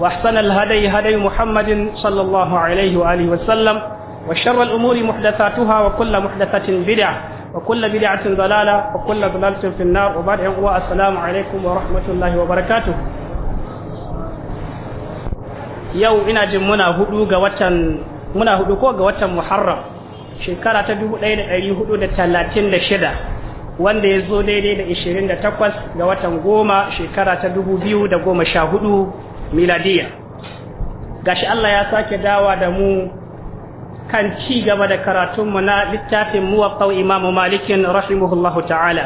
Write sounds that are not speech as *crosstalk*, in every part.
وأحسن الهدي هدي muhammadin صلى الله عليه وآله وسلم وشر الأمور محدثاتها وكل محدثة بدعة وكل بدعة ضلالة وكل ضلالة في النار وبعد السلام عليكم ورحمة الله وبركاته yau ina jin muna hudu ga watan muna hudu ko ga watan muharram shekara ta dubu ɗaya da ɗari hudu da talatin da shida wanda ya zo daidai da ashirin da takwas ga watan goma shekara ta dubu biyu da goma sha hudu miladiya gashi Allah ya sake dawa da mu kan ci gaba da karatunmu na littafin muwaqqa' Imam malikin rahimahullahu ta'ala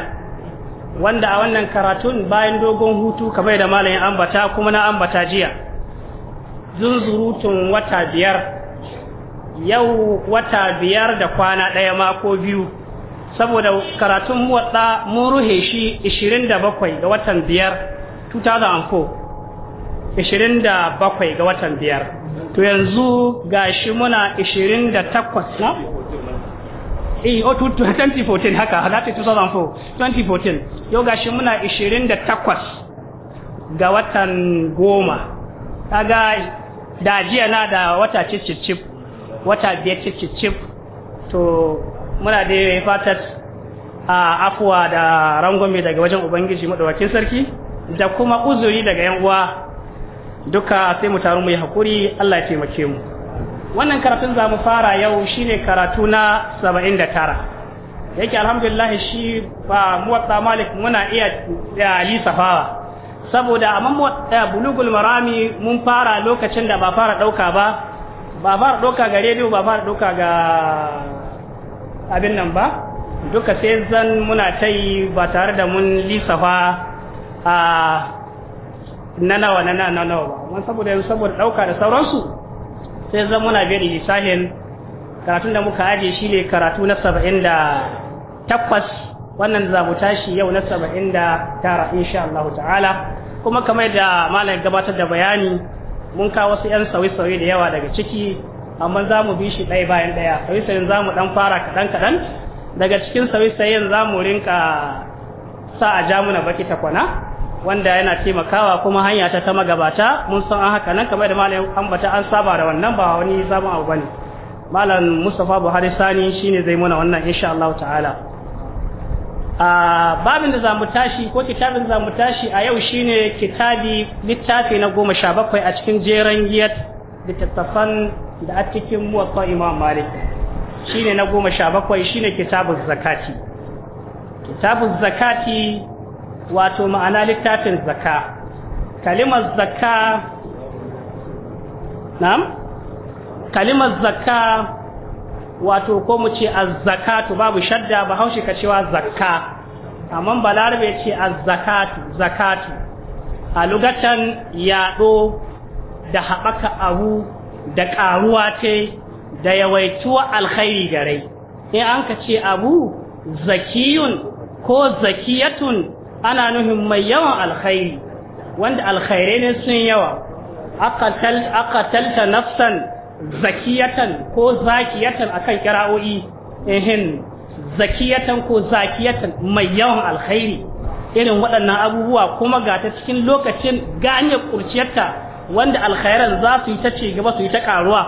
wanda a wannan karatun bayan dogon hutu kamar da malamin ambata kuma na ambata jiya zunzurutun wata biyar yau wata biyar da kwana ɗaya mako biyu saboda karatun muwaqqa' mun ruhe shi 27 ga watan biyar 2004 27 ga watan biyar to yanzu gashi muna 28 na eh o 2014 haka that 2004 2014 yau gashi muna 28 ga watan goma kaga da jiya na da wata cicicip wata biyar cicicip to muna da fatar a afuwa da mai daga wajen ubangiji madawakin sarki da kuma uzuri daga yan uwa duka sai mu taru mu yi hakuri Allah ya taimake mu wannan karatun za mu fara yau shine karatu na 79 yake alhamdulillah shi ba muwatta malik muna iya lisafawa saboda amma eh, bulugul marami mun fara lokacin da ba fara dauka ba ba fara dauka ga rediyo ba fara dauka ga abin nan ba duka sai zan muna ta yi ba tare da mun lisafa a ah, na nawa na na nawa ba amma saboda yanzu saboda ɗauka da sauransu sai zan muna biyar da isahin karatun da muka aje shi ne karatu na saba'in da takwas wannan za mu tashi yau na saba'in da tara insha Allah ta'ala kuma kamar da malam gabatar da bayani mun kawo wasu 'yan sauye-sauye da yawa daga ciki amma za mu bi shi ɗaya bayan ɗaya sauye-sauyen za mu ɗan fara kaɗan-kaɗan daga cikin sauye-sauyen za mu rinka sa a jamuna baki takwana wanda yana taimakawa kuma hanya ta ta magabata mun san an haka nan kamar da malam ambata an saba da wannan ba wani sabon abu bane malam Mustafa Buhari Sani shine zai muna wannan insha Allah ta'ala a babin da zamu tashi ko kitabin zamu tashi a yau shine kitabi littafi na 17 a cikin jeran giyat littattafan da a cikin muwatta Imam Malik shine na 17 shine kitabuz zakati kitabuz zakati wato ma'ana littafin zaka kalimar zaka na'am kalimar zaka wato ko mu ce az-zakatu babu shadda ba haushi ka cewa zakka amma balarabe ce az-zakatu zakatu a lugatan yaɗo da haɓaka abu da ƙaruwa ce da yawaituwa alkhairi gare in an ka ce abu zakiyun ko zakiyatun ana nuhin mai yawan alkhairi wanda alkhairai ne sun yawa aqatalta nafsan zakiyatan ko zakiyatan akan kira'o'i ehin zakiyatan ko zakiyatan mai yawan alkhairi irin waɗannan abubuwa kuma ga ta cikin lokacin gane kurciyarta wanda alkhairan za su yi ta ci gaba su yi ta karuwa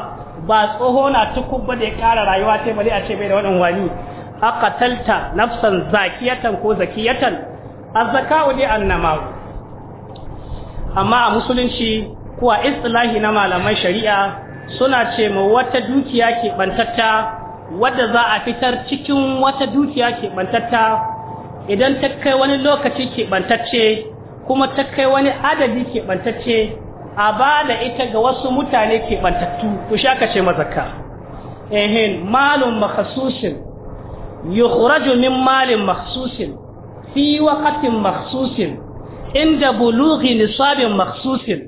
ba tsoho na tukubba da ya kara rayuwa ta bari a ce bai da wadan wani aqatalta nafsan zakiyatan ko zakiyatan azzaka'u dai annamawu amma a musulunci ko a istilahi na malaman shari'a suna ce ma wata dukiya ke bantatta wadda za a fitar cikin wata dukiya ke bantatta idan ta kai wani lokaci ke bantacce kuma ta kai wani adadi ke bantacce a ba da ita ga wasu mutane ke bantattu ku shaka ce mazaka ehin malun makhsusin yukhraju min malin makhsusin fi wakatin maksusin, inda bulughi nisabin maksusin,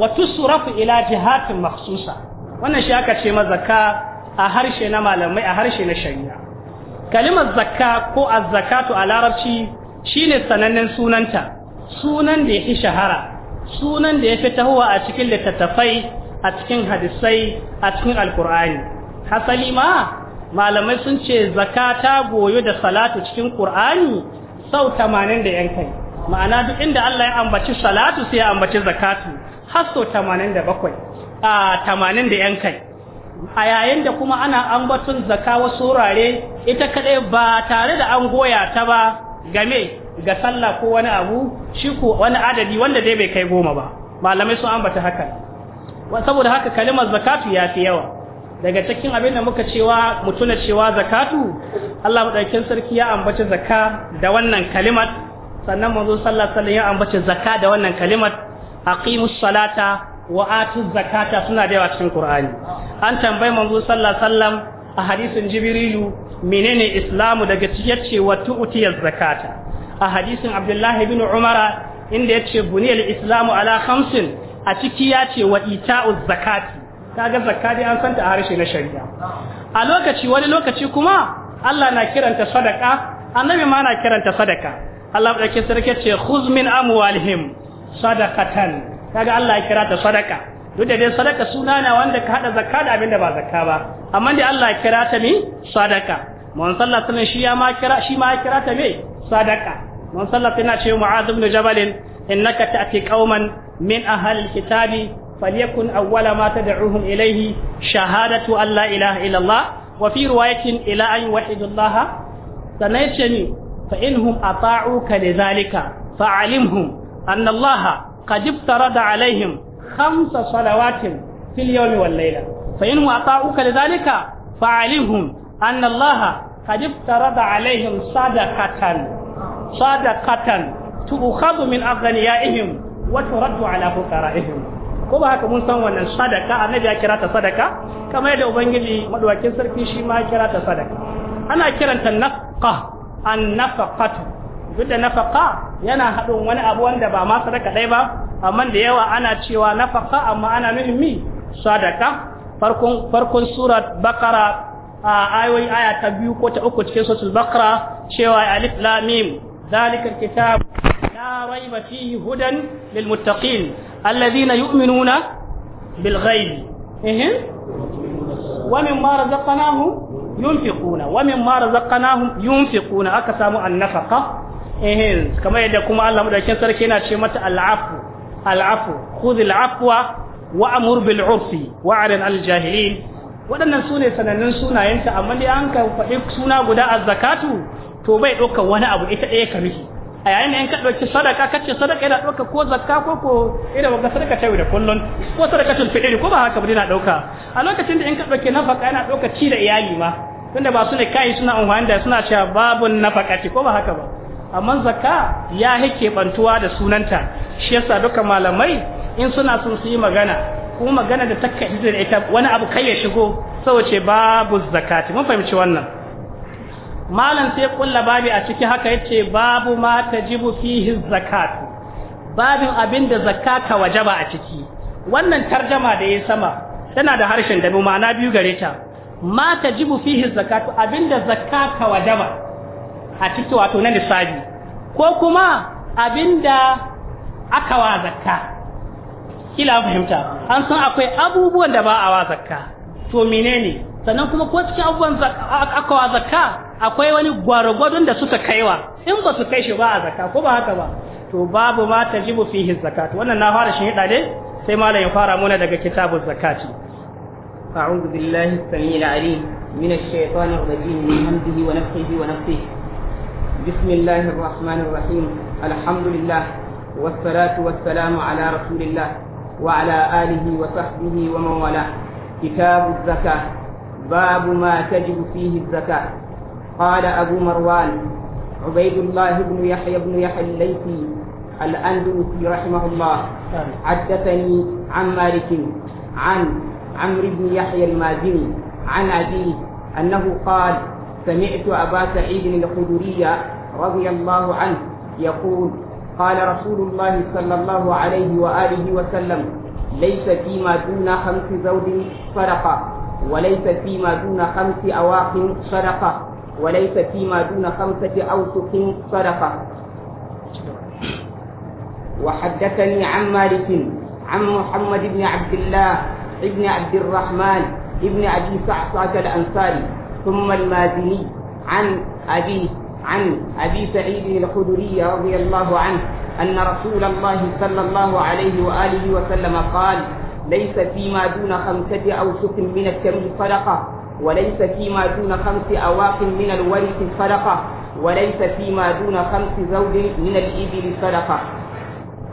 wa tusrafu ila jihatin maksusa. wannan shi aka ce ma a harshe na malamai a harshe na shari'a kalimar zakka ko az a larabci shine sanannen sunanta sunan da yafi shahara sunan da yafi tahowa a cikin littattafai a cikin hadisai a cikin alkur'ani hasali ma malamai sun ce zaka ta goyo da salatu cikin qur'ani sau 80 da yan kai ma'ana duk inda Allah ya ambaci salatu sai ya ambaci zakatu har sau 87 a 80 da yan kai a yayin da kuma ana ambaton zaka wasu wurare ita kadai ba tare da an goya ta ba game ga sallah ko wani abu shi ko wani adadi wanda dai bai kai goma ba malamai sun ambata haka. saboda haka kalimar zakatu ya fi yawa daga cikin abin da muka cewa mutuna cewa zakatu Allah madaukakin sarki ya ambaci zakka da wannan kalimat sannan manzo sallallahu alaihi ya ambaci zakka da wannan kalimat aqimus salata wa atuz zakata suna da yawa cikin Qur'ani an tambayi manzo sallallahu alaihi a hadisin Jibrilu menene Islamu daga cikin cewa tu'tiyaz zakata a hadisin Abdullahi ibn Umar inda yace buniyal Islamu ala khamsin a ciki yace wa ita'uz zakati kaga zakka dai an santa a harshe na shari'a a lokaci wani lokaci kuma Allah na kiranta sadaka annabi ma na kiranta sadaka Allah dake sarki ce khuz min amwalihim sadaqatan kaga Allah ya kira ta sadaka duk da dai sadaka suna ne wanda ka hada zakka da abinda ba zakka ba amma dai Allah ya kira ta mi sadaka mun sallallahu ne shi ya ma kira shi ma ya kira ta me sadaka mun sallallahu ina ce mu'adh ibn jabal innaka ta'ti qauman min ahli alkitabi فليكن أول ما تدعوهم إليه شهادة أن لا إله إلا الله وفي رواية إلى أن يوحدوا الله سنيتني فإنهم أطاعوك لذلك فعلمهم أن الله قد افترض عليهم خمس صلوات في اليوم والليلة فإنهم أطاعوك لذلك فعلمهم أن الله قد افترض عليهم صدقة صدقة تؤخذ من أغنيائهم وترد على فقرائهم ko ba haka mun san wannan sadaka annabi ya kira ta sadaka kamar yadda ubangiji maduwakin sarki shi ma ya kira ta sadaka ana kiranta nafqa an nafaqatu duk da nafaqa yana haɗin wani abu wanda ba ma sadaka ɗaya ba amma da yawa ana cewa nafaqa amma ana nufin mi sadaka farkon farkon surat baqara ayoyi aya ta biyu ko ta uku cikin suratul baqara cewa alif lam mim zalikal kitab la raiba fihi hudan lil muttaqin alladhina yu'minuna bil ghaibi eh wa mimma razaqnahum yunfiquna wa mimma razaqnahum yunfiquna aka samu annafaqa eh kamar yadda kuma Allah sarki yana ce mata al'afu al'afu khudh wa waɗannan sune sanannun sunayenta amma dai an ka faɗi suna guda a zakatu to bai ɗaukar wani abu ita ɗaya ka miki a yayin da in ka ɗauki sadaka ka ce sadaka yana ɗauka ko zakka ko ko ina wanga sadaka ta da kullun ko sadaka tun ko ba haka ba yana ɗauka a lokacin da in ka ɗauki nafaka yana ɗauka ci da iyali ma tunda ba su ne kai suna amfani da suna cewa babu nafaka ce ko ba haka ba amma zakka ya hake bantuwa da sunanta shi yasa duka malamai in suna son su yi magana ko magana da takka da ita wani abu kai ya shigo saboda babu zakati mun fahimci wannan malam sai kulla babi a ciki haka yace babu ma tajibu fihi zakat babin abin da zakata wajaba a ciki wannan tarjama da yayi sama tana da harshen da ma'ana biyu gare ta ma tajibu fihi zakatu abin da zakata wajaba a ciki wato na nisabi ko kuma abin da aka wa zakka kila fahimta an san akwai abubuwan da ba a wa zakka to menene sannan kuma ko cikin abubuwan aka wa zakka akwai wani gwargwadon da suka kaiwa in ba su kai shi ba a zakka ko ba haka ba to babu ma tajibu fihi zakat wannan na fara shi hida ne sai malam ya fara muna daga kitabuz zakati أعوذ بالله السميع العليم من الشيطان الرجيم من همزه ونفخه ونفخه بسم الله الرحمن الرحيم الحمد لله والصلاة والسلام على رسول الله وعلى آله وصحبه ومن والاه كتاب الزكاة باب ما تجب فيه الزكاة قال أبو مروان عبيد الله بن يحيى بن يحيى الليثي الأندلسي رحمه الله حدثني عن مالك عن عمرو بن يحيى المازني عن أبيه أنه قال سمعت أبا سعيد الخدري رضي الله عنه يقول قال رسول الله صلى الله عليه وآله وسلم ليس فيما دون خمس زوج صدقة وليس فيما دون خمس أواق صدقة وليس فيما دون خمسة أوسق صدقة وحدثني عن مالك عن محمد بن عبد الله بن عبد الرحمن بن أبي صعصعة الأنصاري ثم المازني عن أبي عن أبي سعيد الخدري رضي الله عنه أن رسول الله صلى الله عليه وآله وسلم قال ليس فيما دون خمسة أوسق من التمر صدقة وليس فيما دون خمس أواق من الورث صدقة وليس فيما دون خمس زوج من الإبل صدقة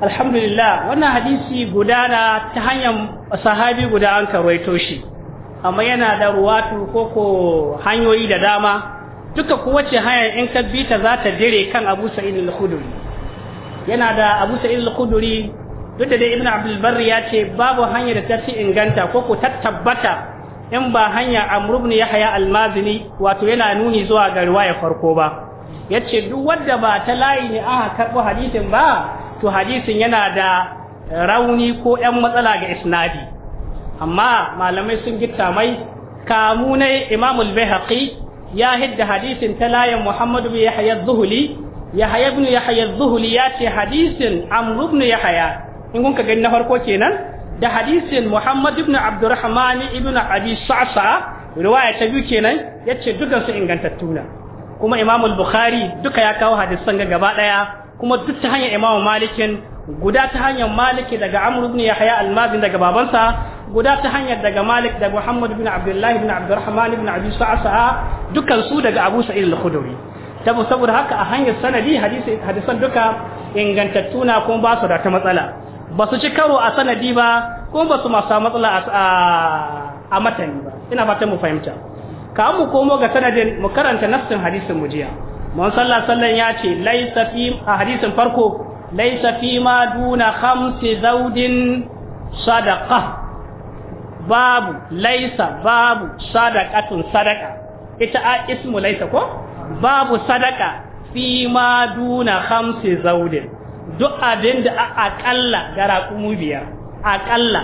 الحمد لله وانا حديثي قدانا تهنيا صحابي قدان كرويتوشي amma yana da ruwatu ko hanyoyi da dama duka kowace hanyar in ka ta za ta dire kan Abu Sa'id al-Khudri yana da Abu Sa'id al-Khudri duk da dai Ibn Abdul ya ce babu hanyar da ta ci inganta ko ko ta tabbata in ba hanya amr ibn yahya al-mazini wato yana nuni zuwa ga riwaya farko ba yace duk wanda ba ta layi ne aka karbo hadisin ba to hadisin yana da rauni ko yan matsala ga isnadi amma malamai sun gitta mai kamunai imam al ya hidda hadisin ta layin muhammad ibn yahya az-zuhli yahya ibn yahya az-zuhli ya hadisin amr ibn yahya in kun ka gani na farko kenan da hadisin Muhammad ibn Abdurrahman ibn Abi Sa'sa riwaya ta biyu kenan yace dukan su ingantattu ne kuma Imam al-Bukhari duka ya kawo hadisan ga gaba daya kuma duk ta hanyar Imam Malikin guda ta hanyar Malik daga Amr ibn Yahya al-Mazin daga babansa guda ta hanyar daga Malik daga Muhammad ibn Abdullah ibn Abdurrahman ibn Abi Sa'sa dukan su daga Abu Sa'id al-Khudri saboda haka a hanyar sanadi hadisan duka ingantattu na kuma ba su da ta matsala ba su ci karo a sanadi ba ko ba su masu matsala a matani ba ina fatan mu fahimta ka mu komo ga sanadin mu karanta nafsin hadisin mu jiya mun sallah sallan ya ce laisa fi a hadisin farko laisa fi ma duna khamsi zaudin sadaqa babu laisa babu sadaqatun sadaqa ita a ismu laisa ko babu sadaqa fi ma duna khamsi zaudin duk abin da aƙalla ga raƙumu biyar aƙalla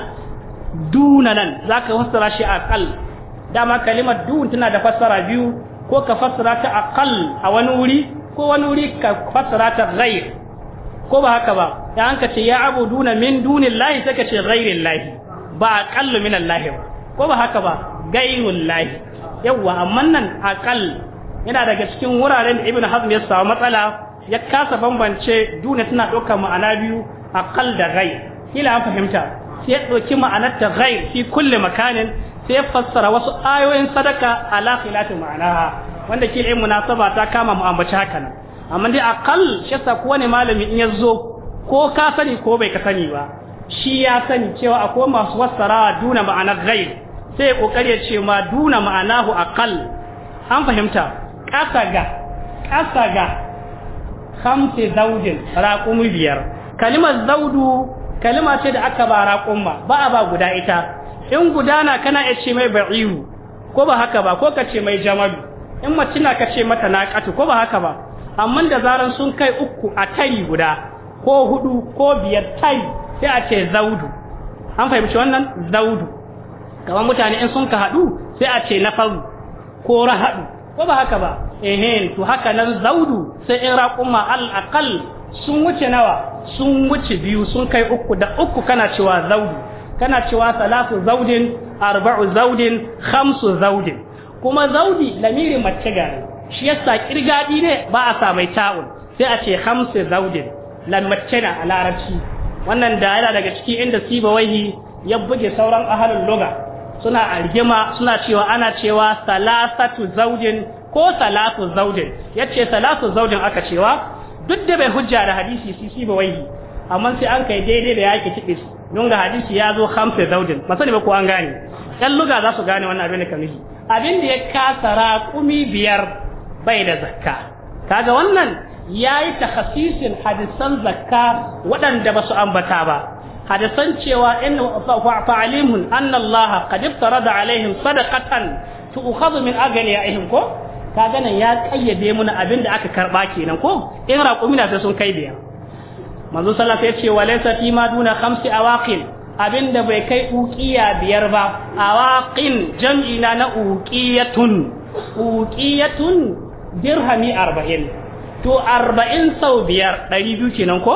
duna nan za ka fassara shi aƙal dama kalimar dun tana da fassara biyu ko ka fassara ta aƙal a wani wuri ko wani wuri ka fassara ta rai ko ba haka ba ya an ka ce ya abu duna min dunin lahi sai ka ce ghairin lahi ba aƙallu min lahi ba ko ba haka ba gairun lahi yawwa amma nan aƙal yana daga cikin wuraren da ibn hazm ya samu matsala ya kasa bambance duna tana ɗaukar ma'ana biyu kal da rai ila an fahimta sai ya ɗauki ma'anar ta rai fi kulle makanin sai ya fassara wasu ayoyin sadaka a khilafi ma'ana wanda kila na munasaba ta kama mu ambaci haka nan amma dai akal shi yasa kowane malami in ya zo ko ka sani ko bai ka sani ba shi ya sani cewa akwai masu fassara duna ma'anar rai sai ya kokari ya ce ma duna ma'anahu akal an fahimta kasa ga ƙasa ga khamsi zaujin raƙumi biyar kalimar zaudu kalima ce da aka ba raƙumma ba a ba guda ita in gudana kana iya ce mai ba'iru ko ba haka ba ko ka ce mai jamalu in mace na ka ce mata naƙatu ko ba haka ba amma da zarar sun kai uku a tari guda ko hudu ko biyar tari sai a ce zaudu an fahimci wannan zaudu kamar mutane in sun ka haɗu sai a ce nafaru ko rahadu ko ba haka ba ehen to haka nan zaudu sai in raƙuma al'aƙal sun wuce nawa sun wuce biyu sun kai uku da uku kana cewa zaudu kana cewa salatu zaudin arba'u zaudin khamsu zaudin kuma zaudi lamiri mace gari shi yasa kirgadi ne ba a sa mai ta'un sai a ce khamsu zaudin mace na a larabci wannan da yana daga ciki inda wahi ya buge sauran ahalin loga suna argima suna cewa ana cewa salasatu zaudin ko salatu zaujin yace salatu zaujin aka cewa duk da bai hujja da hadisi sisi ba wai amma sai an kai daidai da yake tibis don ga hadisi ya zo hamsa zaujin ba sani ba ko an gane dan luga za su gane wannan abin da kan nufi abin da ya kasa raƙumi biyar bai da zakka kaga wannan yayi takhasisin hadisan zakka waɗanda ba su ambata ba hadisan cewa in fa'alimun anna Allah qad iftarada alaihim sadaqatan tu'khadhu min aghniyaihim ko ka ganin ya kayyade muna abin da aka karba kenan ko in raƙumi na sai sun kai biya manzo sallallahu alaihi wasallam ya ce walaysa fi ma duna khamsi awaqil abin da bai kai uqiya biyar ba awaqin jam'i na na uqiyatun uqiyatun dirhami 40 to 40 sau biyar 200 kenan ko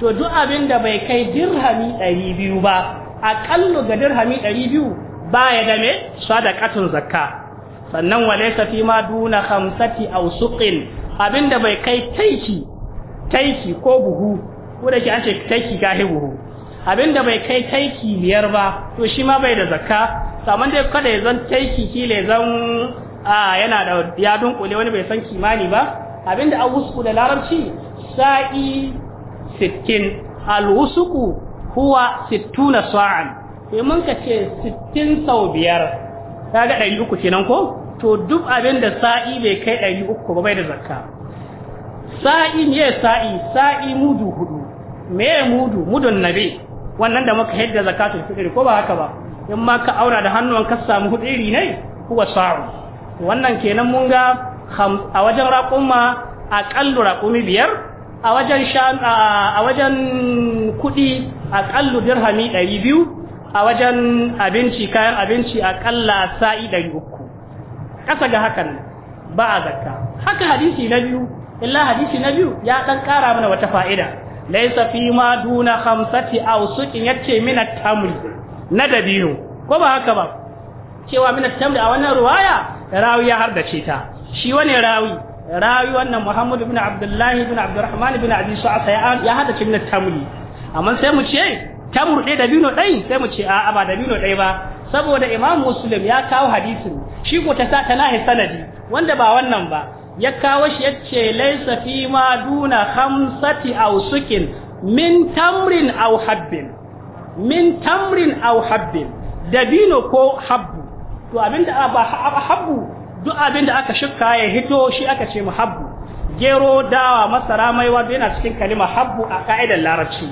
to duk abin da bai kai dirhami 200 ba aƙallu ga dirhami 200 baya da me sadaqatun zakka sannan walaysa fi ma duna khamsati aw suqin abinda bai kai taiki taiki ko buhu ko da ke an ce taiki gahi buhu abinda bai kai taiki biyar ba to shi ma bai da zakka saman dai kada ya zan taiki le zan a yana da ya dunkule wani bai san kimani ba abinda an wusku da larabci sa'i sittin wusku huwa sittuna sa'an sai mun ka ce sittin sau biyar kaga uku kenan ko to duk abin da sa'i bai kai ɗari uku ba bai da zakka sa'i ne sa'i sa'i mudu hudu me mudu mudun nabi wannan da muka hidda zakatul fitr ko ba haka ba in ma ka aura da hannuwan ka samu hudu ne huwa sa'u wannan kenan mun ga a wajen raqumma aqallu raqumi biyar a wajen kuɗi a wajen kudi aqallu dirhami a wajen abinci kayan abinci akalla sa'i ɗari uku ƙasa ga hakan ba a zakka haka hadisi na biyu illa hadisi na biyu ya ɗan ƙara mana wata fa'ida laisa fi ma duna hamsati aw suqin yace ce at-tamri na dabino ko ba haka ba cewa mina tamri a wannan ruwaya rawi ya ce ta shi wani rawi rawi wannan Muhammad ibn Abdullahi ibn Abdurrahman ibn Abi Sa'ad ya hardace ce mina tamri amma sai mu ce ta da dabino ɗai sai mu ce a ba dabino ɗaya ba saboda imam muslim ya kawo hadisin shi ko ta ta nahi sanadi wanda ba wannan ba ya kawo shi yace laysa fi ma duna khamsati aw sukin min tamrin aw habbin min tamrin aw habbin dabino ko habbu to abinda ba habbu duk abinda aka shukka ya hito shi aka ce mu habbu gero dawa masara maiwa yana cikin kalima habbu a ka'idar larabci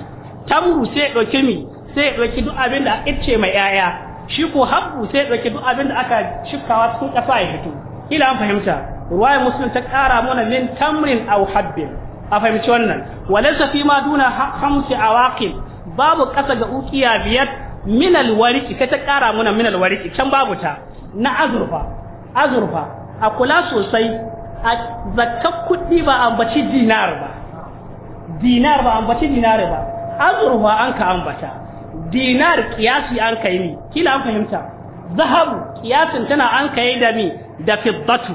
tamru sai dauke mi sai ɗauki duk abin da mai yaya shi ko habbu sai ɗauki duk abin da aka shifkawa cikin kafa ya fito ila an fahimta ruwaya muslim ta ƙara mana min tamrin aw habbin a fahimci wannan walaysa fi ma duna khamsi awaqib babu ƙasa ga ukiya biyar min alwariki ta ƙara mana min alwariki can babu ta na azurfa azurfa a kula sosai a zakka kuɗi ba bace dinar ba dinar ba ambaci dinar ba azurfa an ka ambata dinar kiyasi an yi kila an fahimta zahabu kiyasin tana an yi da mi da fiddatu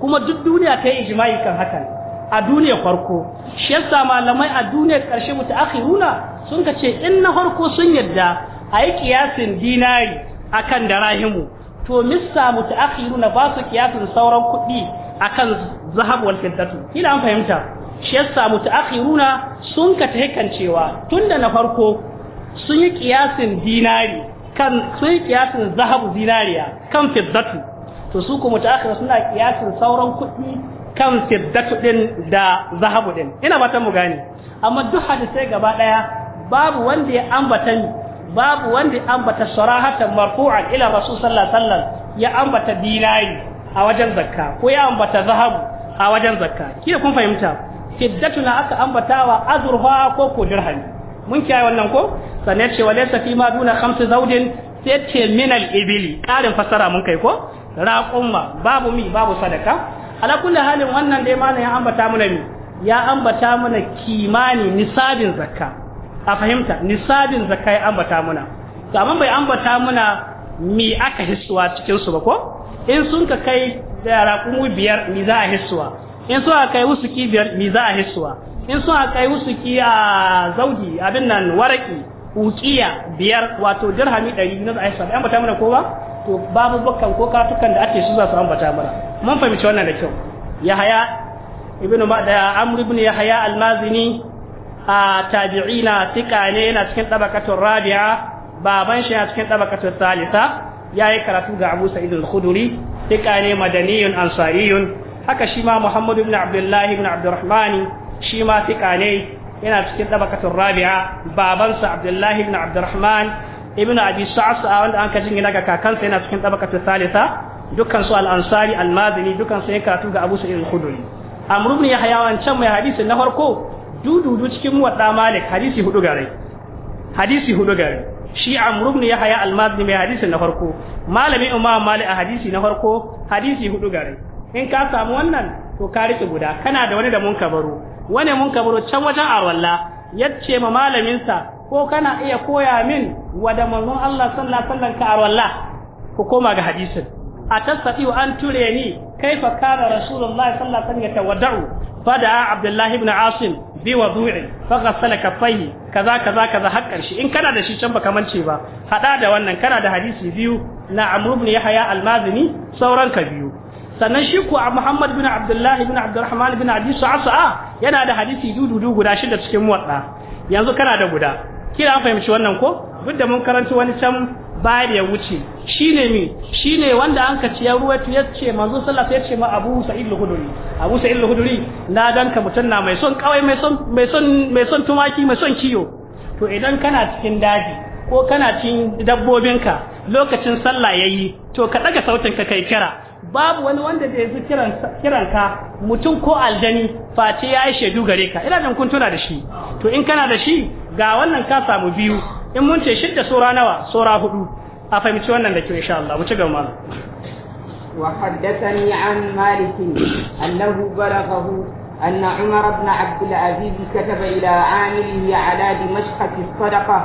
kuma duk duniya ta yi ijma'i kan hakan a duniyar farko shi yasa malamai a duniyar karshe mutaakhiruna sun ka ce in na farko sun yadda a yi kiyasin dinari akan darahimu to missa mutaakhiruna ba su kiyasin sauran kuɗi akan zahabu wal fiddatu kila an fahimta shi yasa mutaakhiruna sun ka tahikan cewa tun da na farko sun yi kiyasin dinari kan sun yi kiyasin zahabu dinariya kan fiddatu to su kuma mutaakhira suna kiyasin sauran kuɗi kan fiddatu din da zahabu din ina fatan mu gane amma duk hadisai gaba daya babu wanda ya ambata babu wanda ya ambata sarahatan marfu'an ila rasul sallallahu alaihi wasallam ya ambata dinari a wajen zakka ko ya ambata zahabu a wajen zakka kina kun fahimta fiddatu na aka ambatawa azurfa ko ko hali mun kiyaye wannan ko sannan ce walaysa fi ma duna khamsu zawjin sai ce min al ibili karin fasara mun kai ko raqumma babu mi babu sadaka ala kulli halin wannan dai malamin ya ambata mana ya ambata mana kimani nisabin zakka a fahimta nisabin zakka ya ambata mana to amma bai ambata mana mi aka hissuwa cikin su ba ko in sun ka kai da raƙumi biyar mi za a hissuwa in yi kai wusuki biyar mi za a hisuwa in yi kai wusuki a zaudi abin nan waraki ukiya biyar wato dirhami ɗari na za a hisuwa da bata mana ko ba to babu bakkan ko katukan da ake su za su bata mana mun fahimci wannan da kyau yahaya ibnu ma'da amr ibn yahaya al-mazini a tabi'ina tika ne yana cikin tabakatun rabi'a baban shi a cikin tabakatun salisa yayi karatu ga abu sa'id al khudri tika ne madaniyun ansariyun haka shi ma muhammadu ibn abdullahi ibn shi ma fiqa ne yana cikin dabakatun rabi'a babansa abdullahi ibn abdurrahman ibn abi sa'sa wanda an kajin gina ga kakansa yana cikin dabakatun salisa dukkan su al-ansari al-madini dukkan su ya ga abu sa'id al-khudri amr ibn yahya wancan mai hadisi na farko dududu cikin muwadda malik hadisi hudu gare hadisi hudu gare shi amr ibn yahya al-madini mai hadisi na farko malami imam malik a hadisi na farko hadisi hudu gare in ka samu wannan to ka rike guda kana da wani da mun kabaro wani mun kabaro can wajen arwalla yace ma malamin sa ko kana iya koya min wada manzon Allah sallallahu alaihi wasallam ka arwalla ku koma ga hadisin a tasfi an ture ni kaifa kana rasulullahi sallallahu alaihi wasallam tawadda'u fada abdullahi ibn asim bi wudu'i faghassala kaffayhi kaza kaza kaza har karshe in kana da shi can baka mance ba hada da wannan kana da hadisi biyu na amr ibn yahya al-mazini sauran ka biyu sannan shi kuwa Muhammad bin Abdullahi bin Abdurrahman bin Abi ah, yana da hadisi dudu guda shida cikin muwatta yanzu kana da guda kila an fahimci wannan ko duk da mun karanta wani can baya da ya wuce shine mi shine wanda an kaci ya ruwatu ya ce manzo sallallahu ya ce ma Abu Sa'id al Abu Sa'id al-Khudri na danka mutun na mai son kawai mai son tumaki mai son kiyo to idan kana cikin daji ko kana cikin dabbobinka lokacin sallah yayi to ka ɗaga sautin ka kai kira babu wani wanda da ya zu kiranka mutum ko aldani face ya yi shaidu gare ka ina kun tuna da shi to in kana da shi ga wannan ka samu biyu in mun ce shidda tsora nawa tsora hudu a fahimci wannan da ke insha Allah mu ci gaba mana wa haddathani an malik annahu balaghahu anna umar ibn abd al-aziz kataba ila amili ala dimashqat as-sadaqa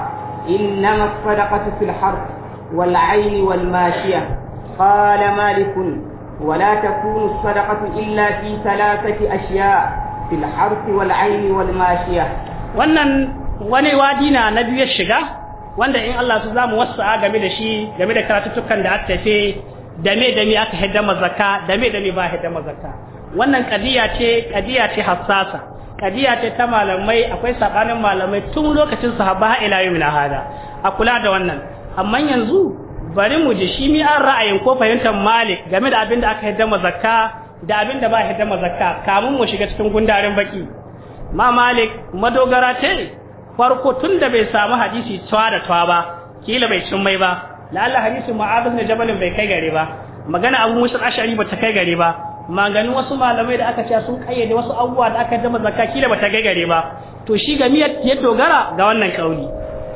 inna as-sadaqatu fil harb wal ayn wal mashiyah قال مالك ولا تكون الصدقة إلا في ثلاثة أشياء في الحرث والعين والماشية wannan wani wadi na na biyar shiga wanda in Allah su zamu wasa'a game da shi game da karatuttukan da aka tafe da me da me aka hidda mazaka da me da me ba hidda mazaka wannan kadiya ce kadiya ce hassasa kadiya ce ta malamai akwai sabanin malamai tun lokacin sahaba ila yau na hada a kula da wannan amma yanzu bari mu ji shi mi an ra'ayin ko fahimtar malik game da abin da aka yadda mazakka da abin da ba yadda zakka kamun mu shiga cikin gundarin baki ma malik madogara ce farko tun da bai samu hadisi tuwa da tuwa ba kila bai cin mai ba lalla hadisi mu'adh na jabal bai kai gare ba magana abu musul ashari ba ta kai gare ba maganin wasu malamai da aka ce sun kayyade wasu abubuwa da aka yadda mazakka kila ba ta kai gare ba to shi ga miyar ya dogara ga wannan kauli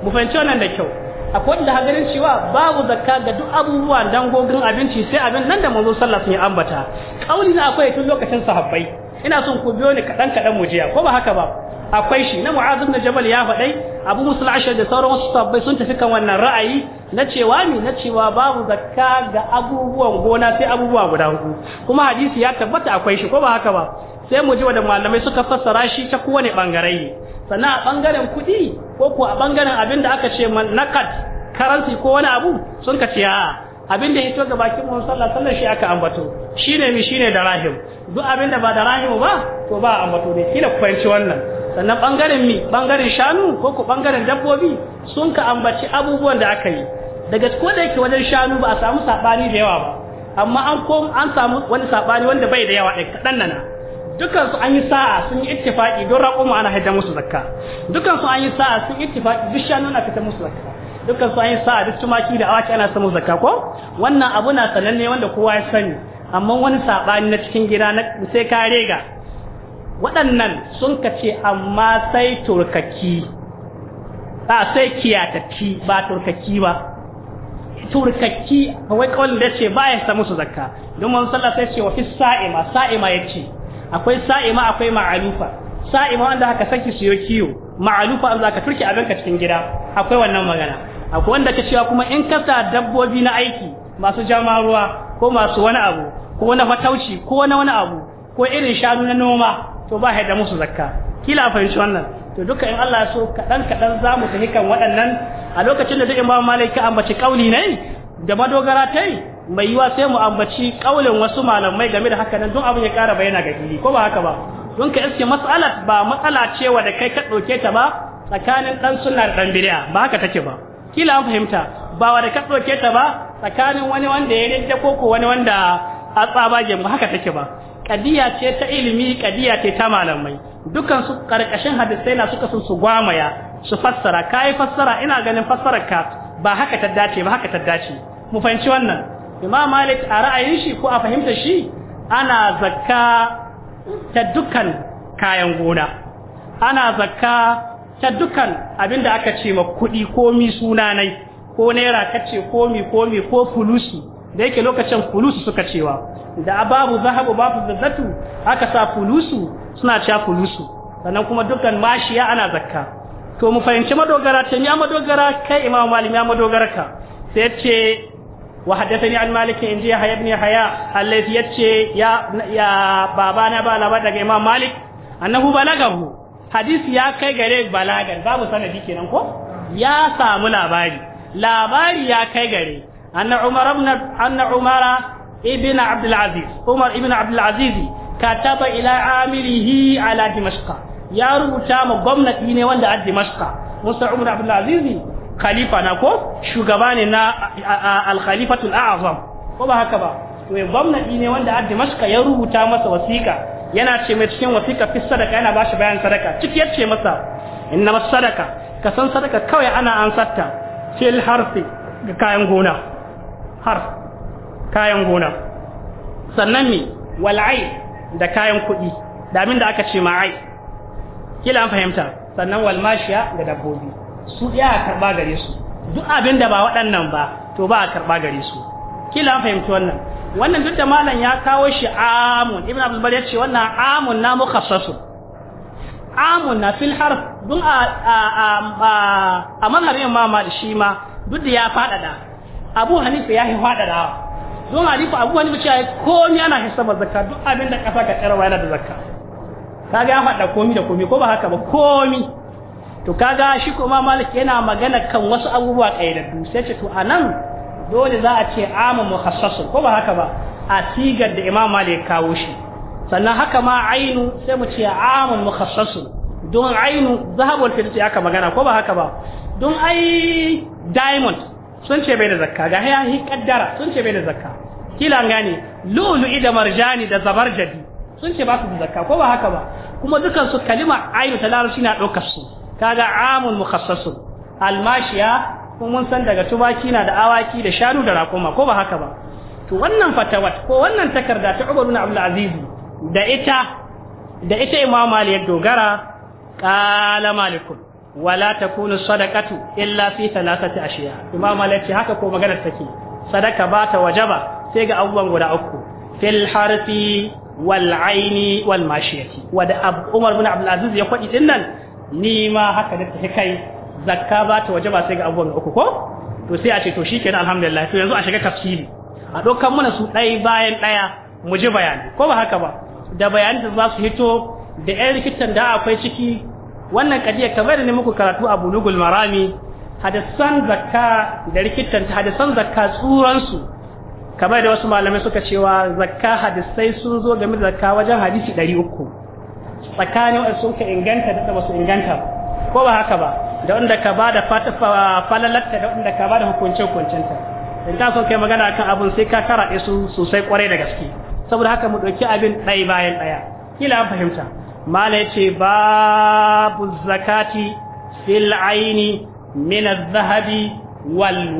mu fahimci wannan da kyau akwai wanda ha cewa babu zakka ga duk abubuwan dangogin abinci sai abin nan da manzo sallallahu alaihi wasallam ya ambata kauli na akwai tun lokacin sahabbai ina son ku biyo ni kadan kadan mu jiya ko ba haka ba akwai shi na mu'adh ibn jabal ya faɗai abu musul ashar da sauran wasu sahabbai sun tafi kan wannan ra'ayi na cewa ni na cewa babu zakka ga abubuwan gona sai abubuwa guda hudu kuma hadisi ya tabbata akwai shi ko ba haka ba sai mu ji wa da malamai suka fassara shi ta kowane bangare sannan a bangaren kuɗi ko ko a bangaren abin da aka ce man nakat karansi ko wani abu sun ka ce a abin da hito ga bakin mu sallallahu alaihi shi aka ambato shine mi shine da rahim duk abin da ba da rahim ba to ba ambato ne kila ku fahimci wannan sannan bangaren mi bangaren shanu ko ko bangaren dabbobi sun ka ambaci abubuwan da aka yi daga ko da yake wajen shanu ba a samu sabani da yawa ba amma an ko an samu wani sabani wanda bai da yawa ɗan nan nana dukansu an yi sa'a sun yi ittifaqi don raƙuma ana haidar musu zakka dukansu an yi sa'a sun yi ittifaqi duk shanu na fitar musu zakka dukansu an yi sa'a duk tumaki da awaki ana samu zakka ko wannan abu na sananne wanda kowa ya sani amma wani sabani na cikin gida na sai ka rega waɗannan sun ka ce amma sai turkaki ba sai kiyatakki ba turkaki ba turkaki wai kawai da ce ba ya samu su zakka don sallah sai ce wa fi sa'ima sa'ima ya ce akwai sa'ima akwai ma'alufa sa'ima wanda haka saki su kiyo ma'alufa wanda ka turki ka cikin gida akwai wannan magana akwai wanda ka cewa kuma in kasa dabbobi na aiki masu jama ruwa ko masu wani abu ko na fatauci ko na wani abu ko irin shanu na noma to ba da musu zakka kila a fahimci wannan to duka in Allah so kaɗan kaɗan za mu tafi kan waɗannan a lokacin da duk imam malik ambaci kauli ne da madogara tai mai yiwa sai mu ambaci kaulin wasu malamai game da haka nan don abin ya kara bayyana ga fili ko ba haka ba don ka iske matsalar ba matsala ce da kai ka ɗauke ta ba tsakanin ɗan sunna da ɗan bid'a ba haka take ba kila an fahimta ba wa da ka ɗauke ta ba tsakanin wani wanda ya rinta ko ko wani wanda a tsabage ba haka take ba kadiya ce ta ilimi kadiya ce ta malamai dukan su karkashin hadisai na suka sun su gwamaya su fassara kai fassara ina ganin fassarar ka ba haka ta dace ba haka ta dace mu fahimci wannan imam malik a ra'ayin shi ko a fahimtar shi ana zakka ta dukkan kayan gona ana zakka ta dukkan abinda aka ce ma kudi mi suna nai ko naira kace ko mi ko mi ko fulusi da yake lokacin fulusi suka cewa da babu zahabu babu zazzatu aka sa fulusu suna cewa fulusu sannan kuma dukkan mashiya ana zakka to mu fahimci madogara ta ya madogara kai imam malik ya madogara ka sai ce wa ni an maliki in ji hayy ibn hayya allati yace ya ya baba na bala bada ga ma malik annahu balagahu hadith ya kai gare balaga babu sanadi ko ya samu labari labari ya kai gare anna umar ibn anna umar ibn abd al aziz umar ibn abd al aziz kataba ila ala dimashq ya rubuta ma gwamnati ne wanda addimashq musa umar abd khalifa na ko shugaba ne na al-khalifatul a'zam ko ba haka ba to gwamnati ne wanda a Damascus ya rubuta masa wasiƙa yana ce mai cikin wasiƙa fi sadaka yana bashi bayan sadaka ciki ya ce masa inna sadaka ka san sadaka kawai ana an fil harfi ga kayan gona harf kayan gona sannan mi wal'ai da kayan kuɗi da abin da aka ce ma'ai kila an fahimta sannan walmashiya ga dabbobi su a karba gare su duk abin da ba waɗannan ba to ba a karba gare su kila an fahimci wannan wannan duk da malam ya kawo shi amun ibn abdul bari ya ce wannan amun na mukhassasu amun na fil harf dun a a a a manharin ma shi ma duk da ya faɗaɗa abu hanifa ya yi faɗaɗawa don hadifu abu wani a ya komi ana hisabar zakka duk abin da kasa ka tsarawa yana da zakka kaga ya faɗa komi da komi ko ba haka ba komi to kaga shi kuma malik yana magana kan wasu abubuwa kaidaddu sai ce to anan dole za a ce amu mukhassasun ko ba haka ba a sigar da imam malik kawo shi sannan haka ma ainu sai mu ce amun mukhassasun don ainu zahabul fitati aka magana ko ba haka ba don ai diamond sun ce bai da zakka ga haya hi kaddara sun ce bai da zakka kila an gane lu'lu'i da marjani da zabarjadi sun ce ba su da zakka ko ba haka ba kuma dukan su kalima ainu ta larabci na ɗaukar su kaga amun mukhassasun almashiya kuma mun san daga tubaki na da awaki da shanu da rakuma ko ba haka ba to wannan fatawat ko wannan takarda ta Umar ibn Abdul Aziz da ita da ita Imam Malik ya dogara qala malikum wala takunu sadaqatu illa fi thalathati ashiya Imam Malik ce haka ko maganar take sadaka ba ta wajaba sai ga abubuwan guda uku fil harfi wal aini wal mashiyati wada Umar ibn Abdul Aziz ya kwadi dinnan ni ma haka da take kai zakka ba ta waje ba sai ga abubuwan uku ko to sai a ce to shikenan alhamdulillah to yanzu a shiga tafsiri a ɗaukar mana su ɗaya bayan ɗaya mu ji bayani ko ba haka ba da bayanin da za su hito da 'yan rikitan da akwai ciki wannan kadiya kamar da ne muku karatu a bulugul marami hadisan zakka da rikitan hadisan zakka tsuransu kamar da wasu malamai suka cewa zakka hadisai sun zo game da zakka wajen hadisi ɗari uku tsakanin wasu suka inganta da wasu inganta ko ba haka ba da wanda ka ba da falalatta da wanda ka ba da hukuncin hukuncinta in ka so kai magana kan abun sai ka kara su sosai kwarai da gaske saboda haka mu ɗauki abin ɗaya bayan ɗaya kila an fahimta mala ce babu zakati fil aini min az-zahabi wal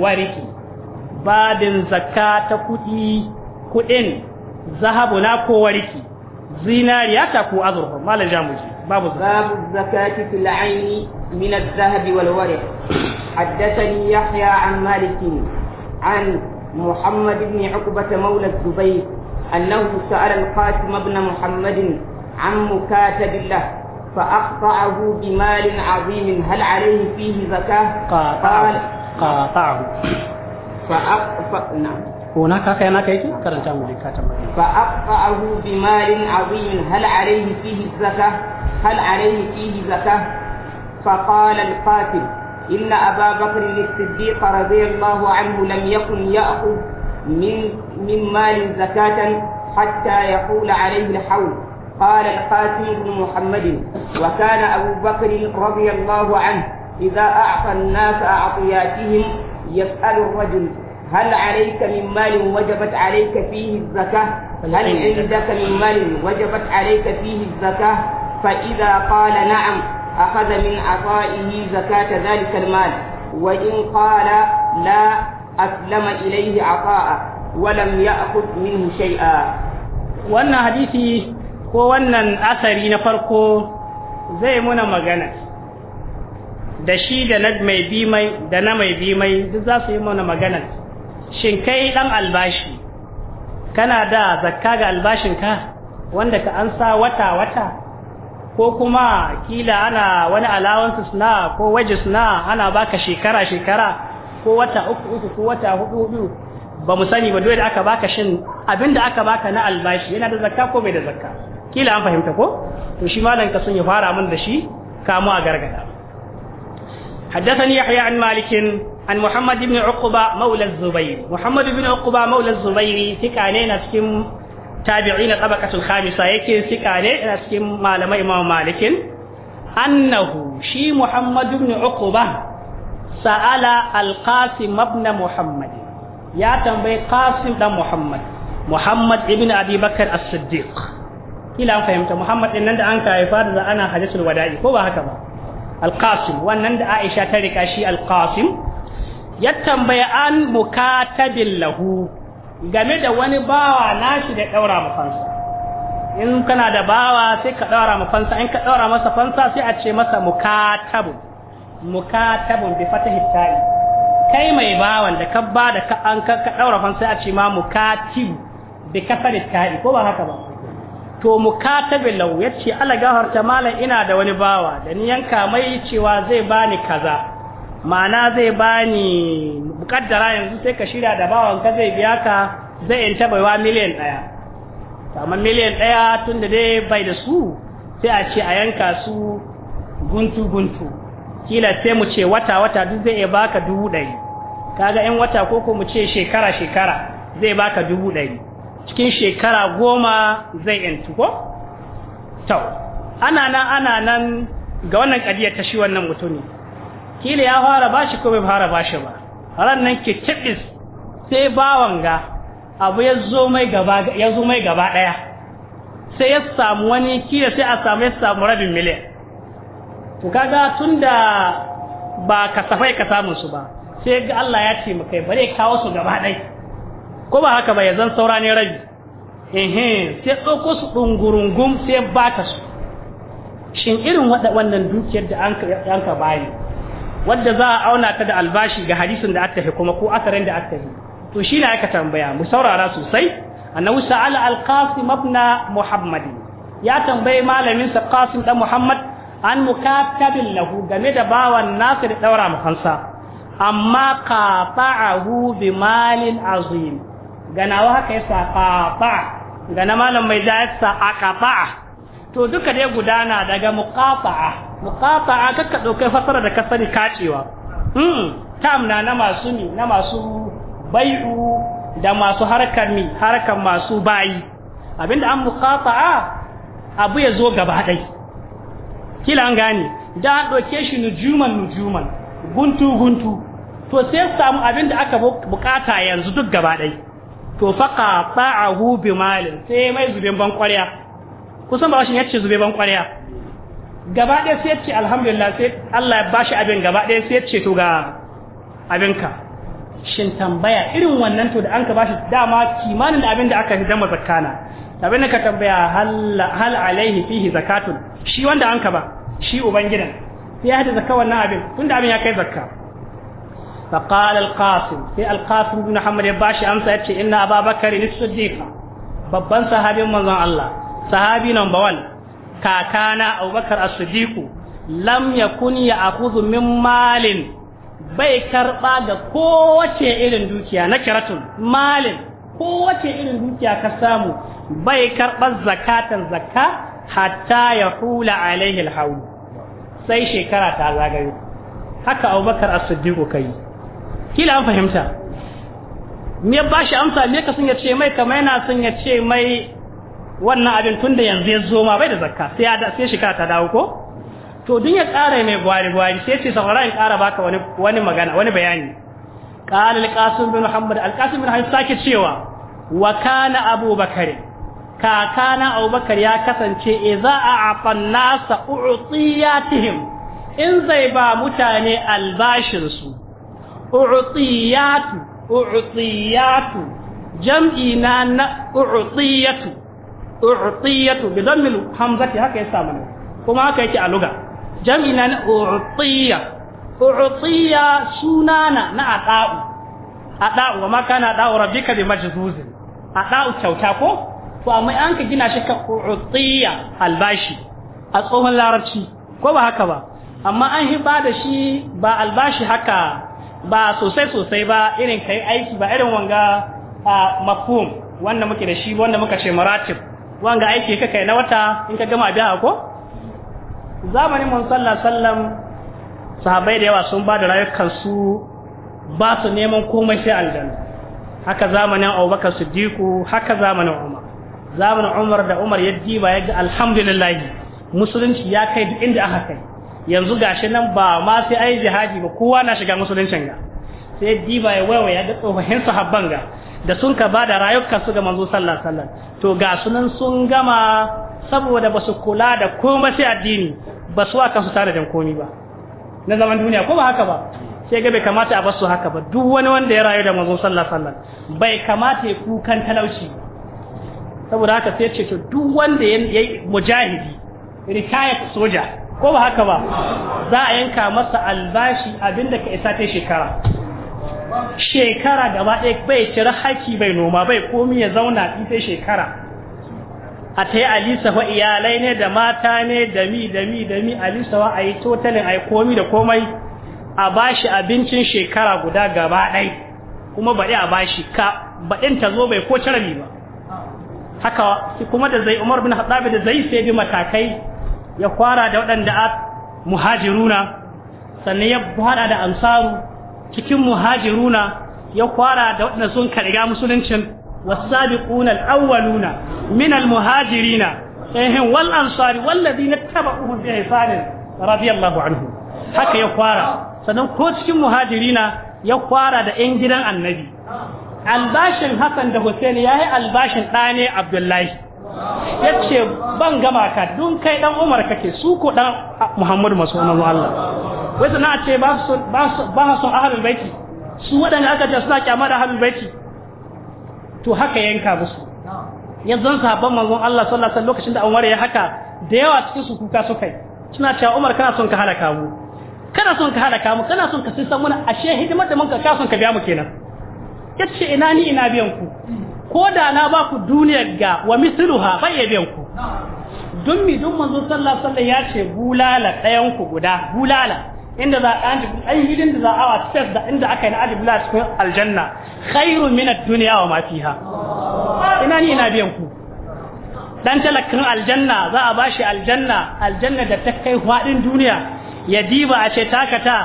babin zakata kuɗi kuɗin zahabu na ko warki زينار يتكو أذره ما لجاموجي باب الزكاة باب الزكاة في العين من الذهب والورق حدثني يحيى عن مالك عن محمد بن عقبة مولى الزبير أنه سأل القاسم بن محمد عن مكاتب الله فأقطعه بمال عظيم هل عليه فيه زكاة قاطعه قاطعه فأقطعه نعم ko na ka kai na kai karanta mu ka tambaye inna aba bakr as-siddiq zakatan hatta قال القاسم بن محمد وكان أبو بكر رضي الله عنه إذا أعطى الناس أعطياتهم يسأل الرجل هل عليك من مال وجبت عليك فيه الزكاة هل عندك من مال وجبت عليك فيه الزكاة فإذا قال نعم أخذ من عطائه زكاة ذلك المال وإن قال لا أسلم إليه عطاء ولم يأخذ منه شيئا وأن حديثي ko wannan asari na farko zai muna magana da shi da na mai bi mai da na mai bi mai duk za su yi mana magana shin kai dan albashi kana da zakka ga albashinka wanda ka ansa wata wata ko kuma kila ana wani allowance na ko wages na ana baka shekara shekara ko wata uku uku ko wata hudu hudu ba mu sani ba dole da aka baka shin abinda aka baka na albashi yana da zakka ko bai da zakka kila an fahimta ko to shi malan ka sun ya fara mun da shi kamu a gargada حدثني يحيى عن malikin. an Muhammad ibn Uqba maula Zubair Muhammad ibn Uqba maula Zubair sika ne na cikin tabi'ina tabaqatul khamisa yake sika ne na cikin malamai Imam Malikin annahu shi Muhammad ibn Uqba sa'ala al-Qasim ibn Muhammad ya tambayi Qasim dan Muhammad Muhammad ibn Abi Bakar as-Siddiq kila an fahimta Muhammad din nan da an kai fa da ana hadisul wada'i ko ba haka ba al-Qasim wannan da Aisha ta rika shi al-Qasim ya tambaya an mukatabin lahu game da wani bawa nashi da daura mu fansa in kana da bawa sai ka daura mu fansa in ka daura masa fansa sai a ce masa mukatabu mukatabu bi fatahi ta'i kai mai bawan da ka ba da ka an ka daura fansa sai a ce ma mukatib bi kasari ta'i ko ba haka ba to mukatabin lahu yace Allah gafarta malam ina da wani bawa da ni yanka mai cewa zai bani kaza ma'ana zai bani mukaddara yanzu sai ka shirya da bawan ka zai biya ka zai yanta baiwa miliyan ɗaya amma miliyan ɗaya tun da dai bai da su sai a ce a yanka su guntu guntu kila sai mu ce wata wata duk zai iya baka dubu ɗari kaga in wata ko ko mu ce shekara shekara zai baka dubu ɗari cikin shekara goma zai yantu ko? tau ana nan ana nan ga wannan ƙadiyar ta shi wannan mutumin. kila ya fara bashi ko bai fara bashi ba ran nan ke tibis sai bawan ga abu ya zo mai gaba ya zo mai gaba daya sai ya samu wani kila sai a samu ya samu rabin miliyan to kaga tunda ba kasafai ka samu su ba sai ga Allah ya ce maka bare kawo su gaba dai ko ba haka ba ya zan saura ne rabi ehe sai dauko su dungurungum sai baka su shin irin wannan dukiyar da an ka bayi wadda za a auna ta da albashi ga hadisin da aka kuma ko asarin da aka to shi ne aka tambaya mu saurara sosai annabi sa'ala al-qasim ibn muhammad ya tambaye malamin sa qasim dan muhammad an mukatabil lahu game da bawan nasir daura muhansa amma qata'ahu bi malin azim ganawa haka yasa qata' gana malam mai da yasa aqata' to duka dai gudana daga muqata'a muqata'a kakka dauke fasara da kasani kacewa hmm tam na na masu ni na masu bai'u da masu harkar mi harkar masu bayi abinda an muqata'a abu ya zo gaba dai kila an gane da dauke shi nujuman nujuman guntu guntu to sai samu abinda aka bukata yanzu duk gaba dai to faqa ta'ahu bi malin sai mai zube ban kwarya kusan ba shi yace zube ban kwarya gaba ɗaya sai ce alhamdulillah sai Allah ya bashi abin gaba ɗaya sai ce to ga abinka shin tambaya irin wannan to da an ka bashi dama kimanin da abin da aka hidama zakana abin da ka tambaya hal alaihi fihi zakatun shi wanda an ka ba shi ubangidan ya hada zakka wannan abin tunda abin ya kai zakka فقال القاسم في القاسم بن محمد باشي أمسى يتشي إن أبا بكر الصديق babban sahabin manzon Allah sahabi number 1 kakana abubakar lam ya kunya a ya'khudhu min malin bai karɓa ga kowace irin dukiya na kiratun malin kowace irin dukiya ka samu bai karɓa zakatan zakka hatta ya hula alaihi alhawu sai shekara ta zagaye haka abubakar asidiku ka kai kila an fahimta me ba shi amsa me ka sun ya ce mai kamar yana sun ya ce mai wannan abin tun da yanzu ya zo ma bai da zakka sai ya sai shika ta dawo ko to dun ya ƙara mai gwari gwari sai ce saurara in kara baka wani wani magana wani bayani qala al-qasim bin muhammad al-qasim bin hasan sake cewa wa kana abubakar kakana abubakar ya kasance idza a an-nasa u'tiyatihim in zai ba mutane albashin su u'tiyatu u'tiyatu jam'i na u'tiyatu u'tiyatu bi dhammil hamzati haka ya samu kuma haka yake a luga jam'i na u'tiya u'tiya sunana na ada'u ada'u wa ma kana ada'u rabbika bi majzuzin ada'u kyauta ko to an ka gina shi ka u'tiya albashi a tsohon larabci ko ba haka ba amma an hi ba da shi ba albashi haka ba sosai sosai ba irin kai aiki ba irin wanga a mafhum wanda muke da shi wanda muka ce maratib wanga aiki ka kai na wata in ka gama biya ko zamanin mun sallar sallam sahabbai da yawa sun ba da rayukansu ba su neman komai sai aljanna haka zamanin Abubakar Siddiqu haka zamanin Umar zamanin Umar da Umar ya diba ya ga alhamdulillah musulunci ya kai duk inda aka kai yanzu gashi nan ba ma sai ai jihadi ba kowa na shiga musuluncin ga sai diba ya waya ya ga tsofaffin sahabban ga da sun ka ba da rayukan su ga manzo sallallahu alaihi wasallam to ga sunan sun gama saboda basu kula da komai sai addini ba su kansu su tare da komai ba na zaman duniya ko ba haka ba sai ga bai kamata a basu haka ba duk wani wanda ya rayu da manzo sallallahu alaihi wasallam bai kamata ya kukan talauci saboda haka sai ce to duk wanda ya mujahidi retired soja ko ba haka ba za a yanka masa albashi abinda ka isa ta shekara shekara gaba ɗaya bai cire haki bai noma bai komi ya zauna in sai shekara a ta yi alisafa iyalai ne da mata ne da mi da mi da mi alisafa a yi totalin a yi komi da komai a ba shi abincin shekara guda gaba ɗai kuma baɗi a shi ka baɗin ta zo bai ko carami ba haka kuma da zai umar bin haɗabi da zai sai bi matakai ya kwara da waɗanda a muhajiruna sannan ya fada da ansaru cikin muhajiruna ya kwara da waɗanda sun karga musuluncin wasabiquna alawwaluna min almuhajirina ehin wal ansari walladina tabauhum bi ihsan radiyallahu anhu haka ya kwara sannan ko cikin muhajirina ya kwara da ƴan gidan annabi albashin hasan da hussein yayi albashin ɗane abdullahi yace ban gama ka dun kai dan umar kake su ko dan muhammad masu Allah wai suna ce ba su son su ahlul baiti su waɗanda aka ce suna kyama da ahlul baiti to haka yanka musu yanzu sabon manzon Allah sallallahu lokacin da Umar ya haka da yawa cikin su kuka suka yi suna cewa Umar kana son ka halaka mu kana son ka halaka mu kana son ka sai san mana ashe hidimar da muka ka son ka biya mu kenan yace ina ni ina biyan ku ko da na ba ku duniyar ga wa misluha bai ya biyan ku don mi don manzon sallallahu alaihi ya ce bulala ɗayan ku guda bulala inda za a an gidan da za a wasu da inda aka yi na alif la cikin aljanna khairu minat duniya wa ma fiha ina ni ina biyan ku dan talakin aljanna za a bashi aljanna aljanna da ta kai fadin duniya ya diba a ce takata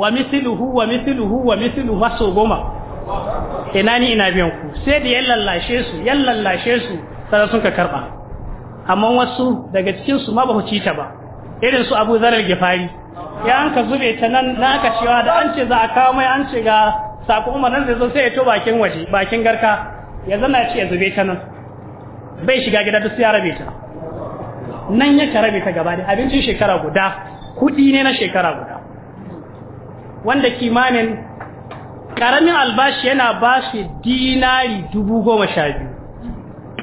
wa mithluhu wa mithluhu wa mithluhu so goma ina ni ina biyan ku sai da yallallashe su yallallashe su sai sun ka karba amma wasu daga cikin su ma ba ku ci ta ba irin su Abu Zarar Gifari ya an ka zube ta nan na aka cewa da an ce za a kawo mai an ce ga sako nan zai zo sai ya to bakin waje bakin garka ya zana ce ya zube ta nan bai shiga gida duk ya rabe ta nan ya ka rabe ta gaba da abincin shekara guda kuɗi ne na shekara guda wanda kimanin karamin albashi yana ba shi dinari dubu goma sha biyu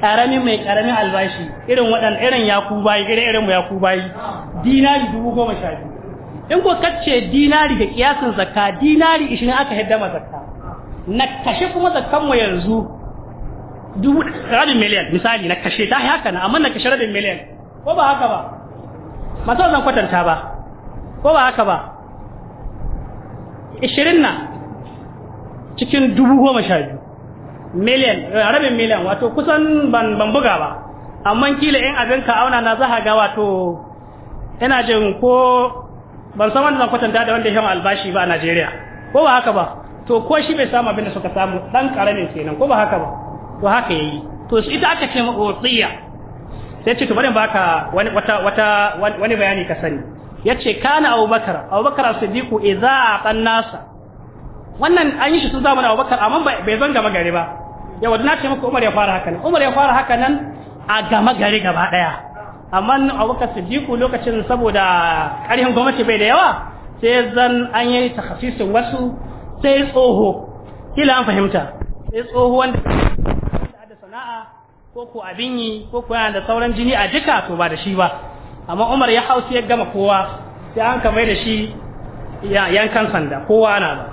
karamin mai karamin albashi irin waɗanda irin ya ku bayi irin irin ya ku bayi dinari dubu goma sha biyu in ko kace dinari ga kiyasin zakka dinari 20 aka hidda ma zakka na kashe kuma zakkan mu yanzu dubu rabin miliyan misali na kashe ta haka na amma na kashe rabin miliyan ko ba haka ba masu zan kwatanta ba ko ba haka ba 20 na cikin dubu goma sha biyu miliyan eh, rabin miliyan wato kusan ban buga ba amma kila in abin ka auna na za ga wato ina jin ko ban san wanda zan kwatanta da wanda ya albashi ba a Najeriya ko ba haka ba to ko shi bai samu abin da suka samu dan karamin kenan ko ba haka ba to haka yayi to ita aka ce wasiya sai ce to bari baka wani wata wata wani bayani ka sani yace kana Abubakar Abubakar Bakar siddiq idza aqan nasa wannan an yi shi sun zamanin Abubakar amma bai zanga magari ba yawa na ce muku Umar ya fara haka nan Umar ya fara haka nan a gama gari gaba daya amma abubakar sadiku lokacin saboda ƙarfin gwamnati bai da yawa sai zan an yi takhasisin wasu sai tsoho kila an fahimta sai tsoho wanda da sana'a ko ko abin yi ko ko yana da sauran jini a jika to ba da shi ba amma Umar ya hausu ya gama kowa sai an kamar da shi yankan sanda kowa na ba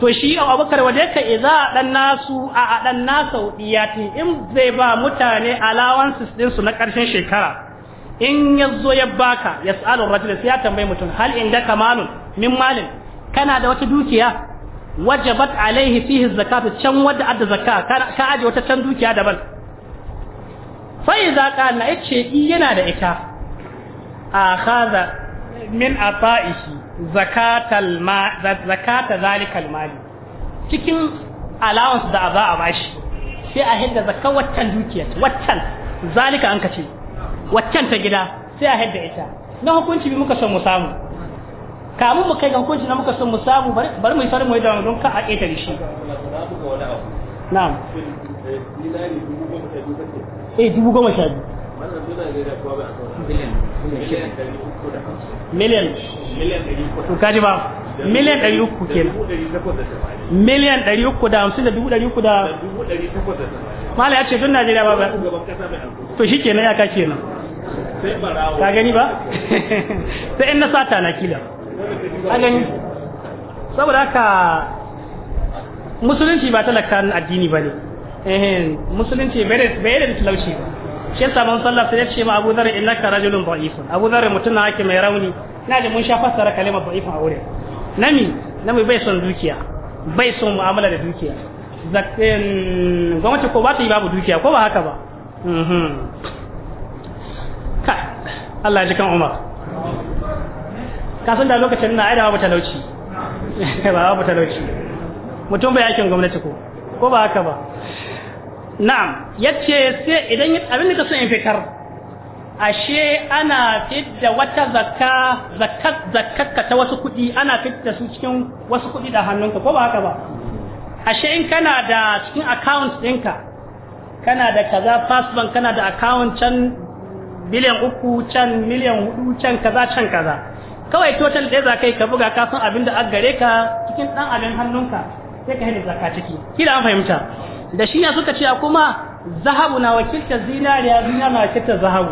to shi abubakar waje ka iza a dan nasu a a dan nasa diyatin in zai ba mutane allowances din na ƙarshen shekara in yazo ya baka ya yasalu rajul sai ya tambayi mutum hal in da kamalun min malin kana da wata dukiya wajabat alaihi fihi zakatu can wadda adda zakka ka aje wata can dukiya daban fa iza kana yace yana da ita a akhadha min ata'ihi zakatal zakata zalikal mali cikin allowance da za a bashi sai a hidda zakar waccan dukiyar waccan zalika an kace waccan ta gida sai a hidda ita na hukunci bi muka son mu samu kamun mu kai ga hukunci na muka son mu samu bari mu yi sarin mu yi don ka a ƙetare shi na'am eh dubu goma sha biyu miliyan kaji ba miliyan ɗari uku kenan miliyan ɗari uku da hamsin da dubu ɗari uku da mala ya ce tun najeriya ba ba to shi na ya ke nan ka gani ba *laughs* sai in na sata na kila ka gani saboda haka musulunci ba talakan addini ba ne musulunci bai da talauci shi sabon ban sallah sai ya ce ma abu zarar innaka rajulun ba'ifun abu zarar mutum na ake mai rauni na da mun sha fassara kalimar da'ifin a wurin nami nami bai son dukiya bai son mu'amala da dukiya gwamnati ko ba ta yi babu dukiya ko ba haka ba mhm. ka Allah ji kan Umar ka san da lokacin na aida babu talauci *laughs* ba babu talauci mutum bai yakin gwamnati ko ko ba haka ba na'am yace sai idan abin da ka so in fitar ashe ana fidda wata zakka zakkat ta wasu kuɗi ana fidda su cikin wasu kuɗi da hannunka ko ba haka ba ashe in kana da cikin account ɗinka kana da kaza first bank kana da account can biliyan uku can miliyan hudu can kaza can kaza kawai total ɗaya za kai ka buga ka san abin da an gare ka cikin ɗan abin hannunka sai ka hini zakka ciki kila an fahimta da shi ne suka ce kuma zahabu na wakilta zinariya zinariya na wakiltar zahabu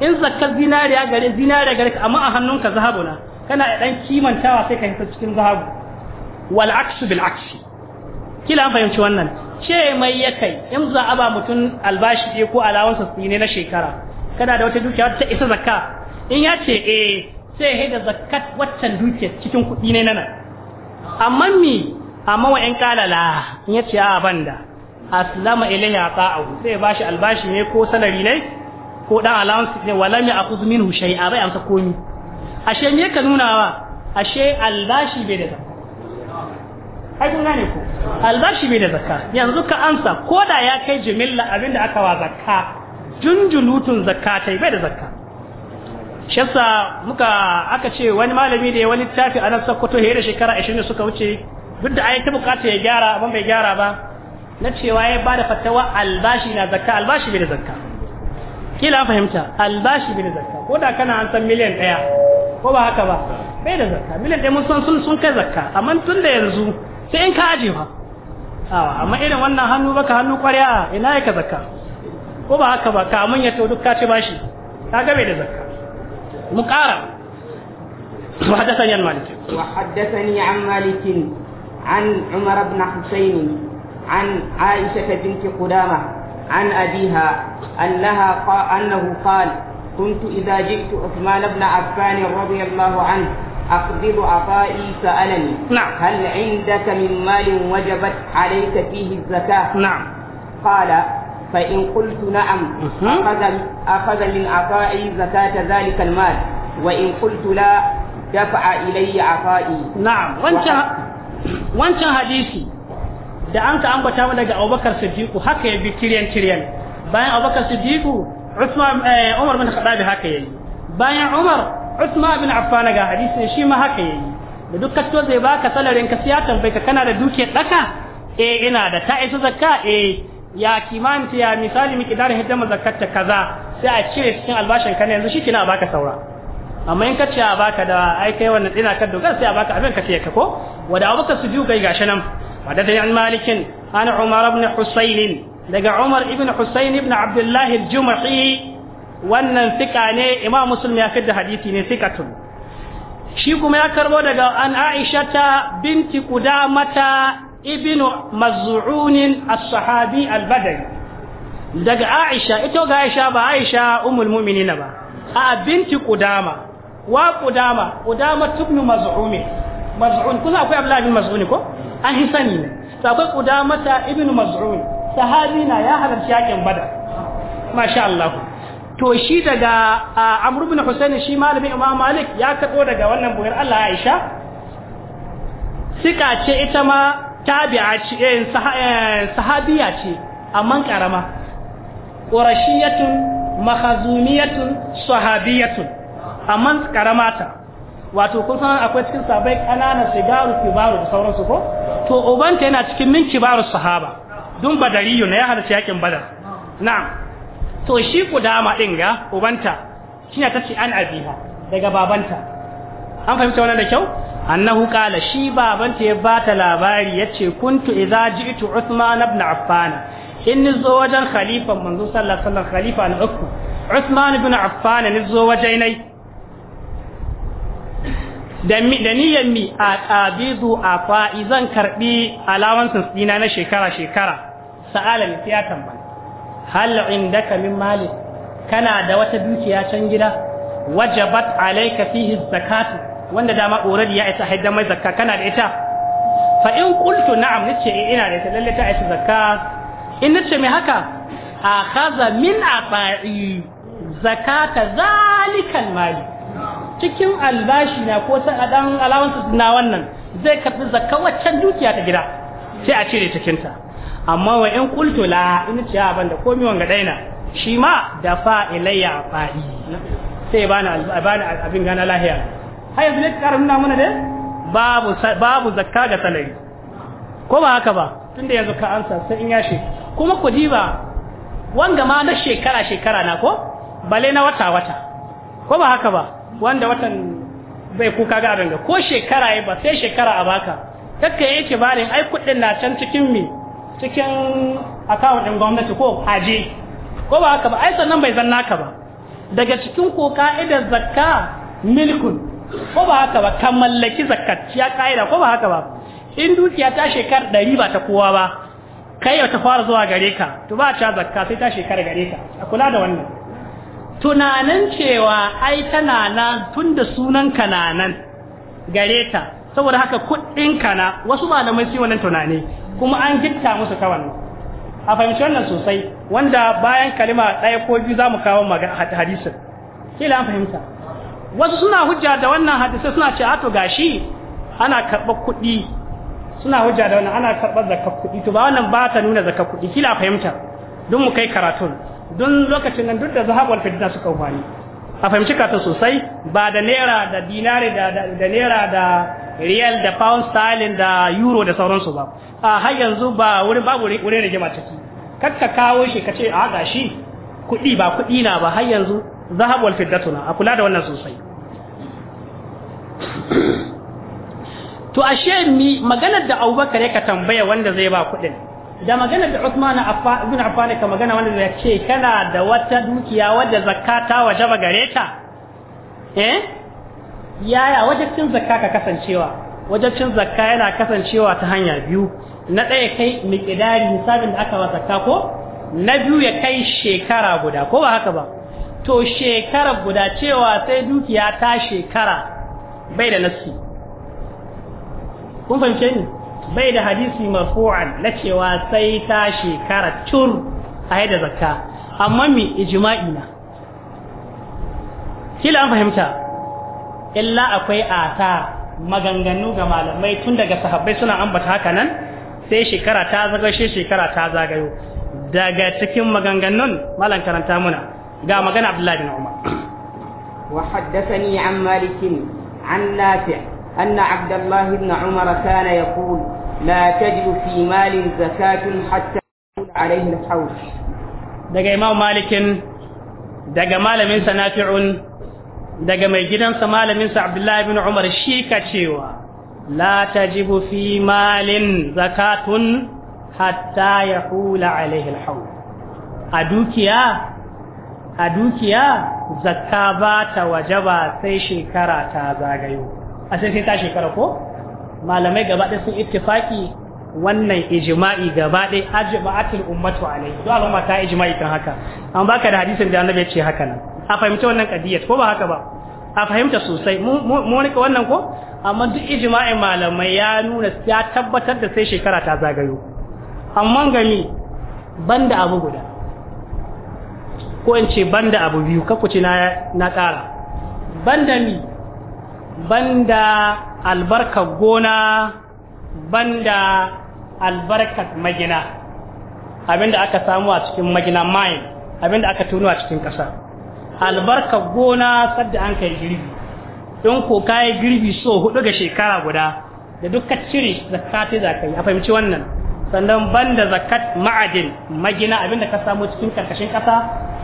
in zakkar zinariya gare zinariya gare amma a hannunka zahabu na kana da dan kimantawa sai ka hita cikin zahabu wal aksu bil aksi kila an fahimci wannan ce mai ya kai in za a ba mutum albashi ne ko alawansa su ne na shekara kana da wata dukiya ta isa zakka in ya ce eh sai ya haida zakkat waccan dukiya cikin kuɗi ne nan amma mi amma wa kalala in ya ce a banda aslama ilayya ta'ahu sai ya bashi albashi ne ko salari ne ko dan allowance ne walam ya'khudh minhu shay'a bai amsa komi ashe me ka nuna wa ashe albashi bai da zakka ai kun gane ko albashi bai da zakka yanzu ka amsa ko da ya kai jimilla abinda aka wa zakka junjulutun zakka tai bai da zakka shessa muka aka ce wani malami da ya wani tafi a nan sakkwato da shekara 20 suka wuce duk da ayi ta bukata ya gyara abin bai gyara ba na cewa ya bada fatawa albashi na zakka albashi bai da zakka kila fahimta albashi bai da zakka ko da kana an san miliyan ɗaya ko ba haka ba bai da zakka miliyan ɗaya mun san sun sun kai zakka amma tun da yanzu sai in ka aje fa amma irin wannan hannu baka hannu kwarya ina yake zakka ko ba haka ba ka mun ya to duk ka ci bashi ka ga bai da zakka mu ƙara وحدثني عن مالك وحدثني عن مالك عن عمر بن حسين عن عائشة بنت قدامة عن أبيها أنها قال أنه قال كنت إذا جئت عثمان بن عفان رضي الله عنه أقبض عطائي سألني نعم هل عندك من مال وجبت عليك فيه الزكاة نعم قال فإن قلت نعم أخذ أخذ من عطائي زكاة ذلك المال وإن قلت لا دفع إلي عطائي نعم وانت wancan hadisi da an ka ambata daga abubakar siddiqu haka ya bi tiryan tiryan bayan abubakar siddiqu eh, umar bin khattab haka yayi bayan umar usman bin affan ga hadisi shi ma haka yayi da duk kasto zai baka salarin ka siya tambaye ka kana da dukiyar daka eh ina da ta isa zakka eh ya kimanta ya misali miki dare hidda mazakkata kaza sai a cire cikin albashin ka ne yanzu shikina baka saura amma in ka ce a baka da ai kai wannan dina ka dogar sai a baka abin ka ce ka ko wada abubakar siddiqu kai gashi nan wada da an malikin an umar ibn husayn daga Umar ibn Husayn ibn Abdullah al-Jumahi wannan sika ne Imam Muslim ya fidda hadisi ne sikatun shi kuma ya karbo daga an aishata binti Qudamata ibn Maz'un as-sahabi al-Badri daga Aisha ito ga Aisha ba Aisha ummul mu'minin ba a binti Qudama wa Qudama Qudama ibn Maz'un Maz'un kuna akwai Abdullah ibn Maz'un ko an hisani ne akwai Qudamata ibn Maz'un sahabi na ya halarci yakin badar masha Allah to shi daga amr ibn husayn shi malami imam malik ya kado daga wannan buyar Allah aisha sika ce ita ma tabi'a ce eh, eh, sahabiya ce amma karama qurashiyatun mahazumiyatun sahabiyatun amma karamata wato kun san akwai cikin sabai ƙananan sigaru kibaru da sauransu ko to ubanta yana cikin min kibaru sahaba dun Badariyo na ya halarci yakin badar na'am to shi kudama din ga ubanta shine tace an abiha daga babanta an fahimta wannan da kyau annahu qala shi babanta ya bata labari yace kuntu idza ji'tu usman ibn affan in nizo wajen khalifa manzo sallallahu alaihi wasallam khalifa na uku usman ibn affan nizo wajenai da niyyar mi a ƙabidu a fa'i zan karɓi alawansu dina na shekara-shekara sa'ala mai fiya tambaya hal indaka min mali kana da wata dukiya can gida wajabat alaika fihi zakatu wanda dama already ya isa haidda mai zakka kana da ita fa in qultu na'am nace eh, ina da ita lalle ta isa zakka in nace me haka akhadha min afa'i zakata zalikal mali cikin albashi na ko ta dan allowance na wannan zai karbi zakka waccan dukiya ta gida sai a cire cikin ta amma wa in qultu la in ce a ah, banda komai wanga daina shi ma da fa ilayya fa'i sai bana bana abin gana lahiya har yanzu ne karin nuna mana dai babu babu zakka ga salari ko ba haka ba tunda yanzu ka ansa sai in yashe kuma ku diba wanga ma na shekara shekara na ko bale na wata wata ko ba haka ba wanda watan bai kuka ga abin ko shekara ya ba sai shekara a baka kakka ke bari ai kuɗin na can cikin me cikin akawun ɗin gwamnati ko haji ko ba haka ba ai sannan bai zan naka ba daga cikin ko ka'idar zakka milkun ko ba haka ba kan mallaki zakkacciya ka'ida ko ba haka ba in dukiya ta shekara ɗari ba ta kowa ba kai ta fara zuwa gare ka to ba ta zakka sai ta shekara gare ka a kula da wannan tunanin cewa ai tana nan tun da sunan nan gare ta saboda haka kuɗin na wasu malamai su wannan tunani kuma an gitta musu ta wannan a fahimci wannan sosai wanda bayan kalima ɗaya ko biyu za mu kawo hadisin kila an fahimta wasu suna hujja da wannan hadisai suna ce ato gashi ana karɓar kuɗi suna hujja da wannan ana karɓar zakar kuɗi to ba wannan ba ta nuna zakar kuɗi kila fahimta don mu kai karatun don lokacin nan duk da zahabul fidda suka wani a fahimci ka ta sosai ba da naira da dinari da da naira da riyal da pound sterling da euro da sauransu ba a har yanzu ba wurin babu wurin jama'a ciki kakka kawo shi kace ce a shi. kuɗi ba kuɗi na ba har yanzu zahab wal fiddatuna a kula da wannan sosai to ashe mi maganar da Abubakar ya ka tambaya wanda zai ba kuɗin da magana da Uthman ibn Affan ka magana wanda ya ce kana da wata dukiya wadda zakata ba gare ta eh yaya wajibcin zakka ka kasancewa wajibcin zakka yana kasancewa ta hanya biyu na ɗaya kai miqdari misalin da aka zakka ko na biyu ya kai shekara guda ko ba haka ba to shekara guda cewa sai dukiya ta shekara bai da nasu kun fahimce ni bai da hadisi marfu'an na cewa sai ta shekara tur a yadda zakka amma mi ijma'i na kila an fahimta illa akwai ata maganganu ga malamai tun daga sahabbai suna ambata haka nan sai shekara ta zagayo shi shekara ta zagayo daga cikin maganganun malam karanta muna ga magana Abdullahi bin Umar wa haddathani an Malik an Nafi' أن عبد الله بن عمر كان يقول لا تجد في مال زكاة حتى يكون عليه الحول دقى إمام مالك دقى مال من سنافع دقى ميجدا مال من عبد الله بن عمر الشيكة شيوا لا تجب في مال زكاة حتى يحول عليه الحول أدوكيا أدوكيا zakka ba ta wajaba sai shekara ta zagayo a sai ta shekara ko malamai gaba ɗaya sun ittifaki wannan ijma'i gaba ɗaya ajma'atul ummatu alai to al'umma ta ijma'i kan haka an baka da hadisin da annabi ya ce haka nan a fahimta wannan qadiyya ko ba haka ba a fahimta sosai mu ka wannan ko amma duk ijma'in malamai ya nuna ya tabbatar da sai shekara ta zagayo amma gami banda abu guda ko in ce banda abu biyu kakuci na na ƙara banda mi banda albarkar gona banda albarkar magina abinda aka samu a cikin magina abin abinda aka tuno a cikin ƙasa albarkar gona sadda an kai girbi don ko kayi girbi so hudu ga shekara guda da dukkan cire zakati za ka a fahimci wannan sannan banda zakat ma'adin magina abinda ka samu cikin karkashin ƙasa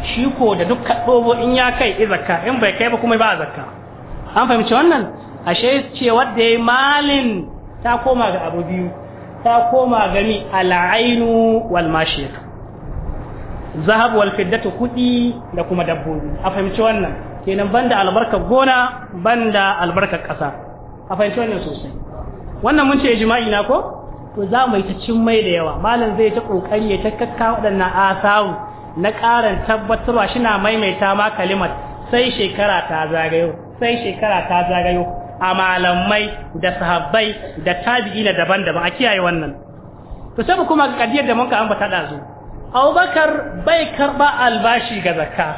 shi ko da dukkan ɗobo in ya kai izaka in bai kai ba kuma ba a zakka an fahimci wannan ashe ce wadda yi malin ta koma ga abu biyu ta koma gani al'ainu wal zahab wal fiddatu kudi da kuma dabbobi a fahimci wannan kenan banda albarkar gona banda albarkar kasa a fahimci wannan sosai wannan mun ce jima'i na ko to za mu yi ta cin mai da yawa malam zai ta kokari ya ta kakka waɗannan asaru na ƙarin tabbatarwa shi na maimaita ma kalimar sai shekara ta zagayo sai shekara ta zagayo a malamai da sahabbai da na daban-daban a kiyaye wannan to sai kuma ga kadiyar da muka ambata da zu Abubakar bai karba albashi ga zakka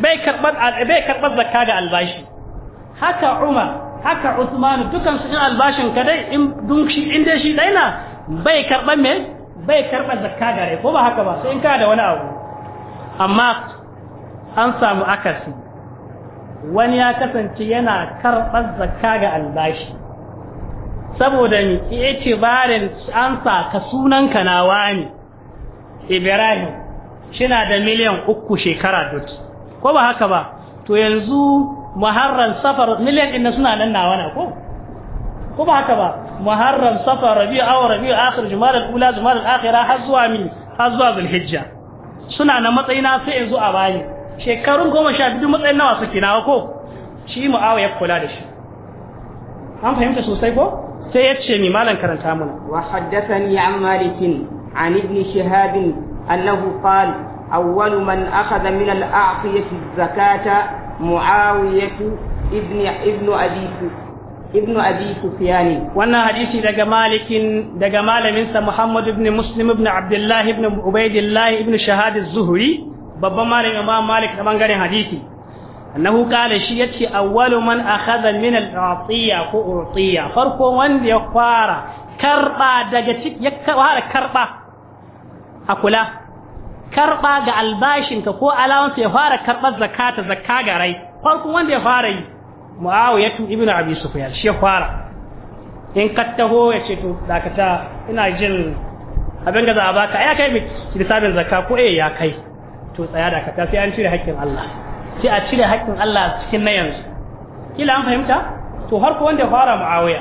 bai karba bai karba zakka ga albashi haka Umar haka Usman dukan su in albashin ka dai in dun shi in dai shi dai na bai karba me bai karba zakka gare ko ba haka ba sai in ka da wani abu amma an samu akasi wani ya kasance yana karɓar zakka ga albashi saboda ni ya ce barin ansa ka sunan ka nawa ne ibrahim na da miliyan uku shekara dot ko ba haka ba to yanzu muharram safar miliyan ɗin suna nan nawa na ko ko ba haka ba muharram safar rabi'u aw rabi'u akhir al ula jumal al har zuwa min har zuwa hijja suna na matsayina sai yanzu a bani shekarun goma sha biyu matsayin nawa suke nawa ko shi mu'awiya ya kula da shi an fahimta sosai ko sai ya ce mi malan karanta mana wa haddathani an malikin an ibn shihab annahu qala awwal man akhadha min al-a'tiyati zakata mu'awiyatu ibn ibn abi ibn abi sufyan wannan hadisi daga malikin daga malamin sa muhammad ibn muslim ibn abdullah ibn ubaidillah ibn shahad az-zuhri babban malamin imam malik da bangaren hadisi annahu qala shi yace awwalu man akhadha min al-atiya ko urtiya farko wanda ya fara karba daga cikin ya fara karba a kula karba ga albashin ka ko allowance ya fara karbar zakata zakka garai farko wanda ya fara yi muawiyatu ibnu abi sufyan shi ya fara in ka ya ce to dakata ina jin abin da za a baka ya kai mi lissafin zakka ko eh ya kai to tsaya da kata sai an cire haƙƙin Allah sai a cire haƙƙin Allah cikin na yanzu kila an fahimta to har ko wanda ya fara muawiya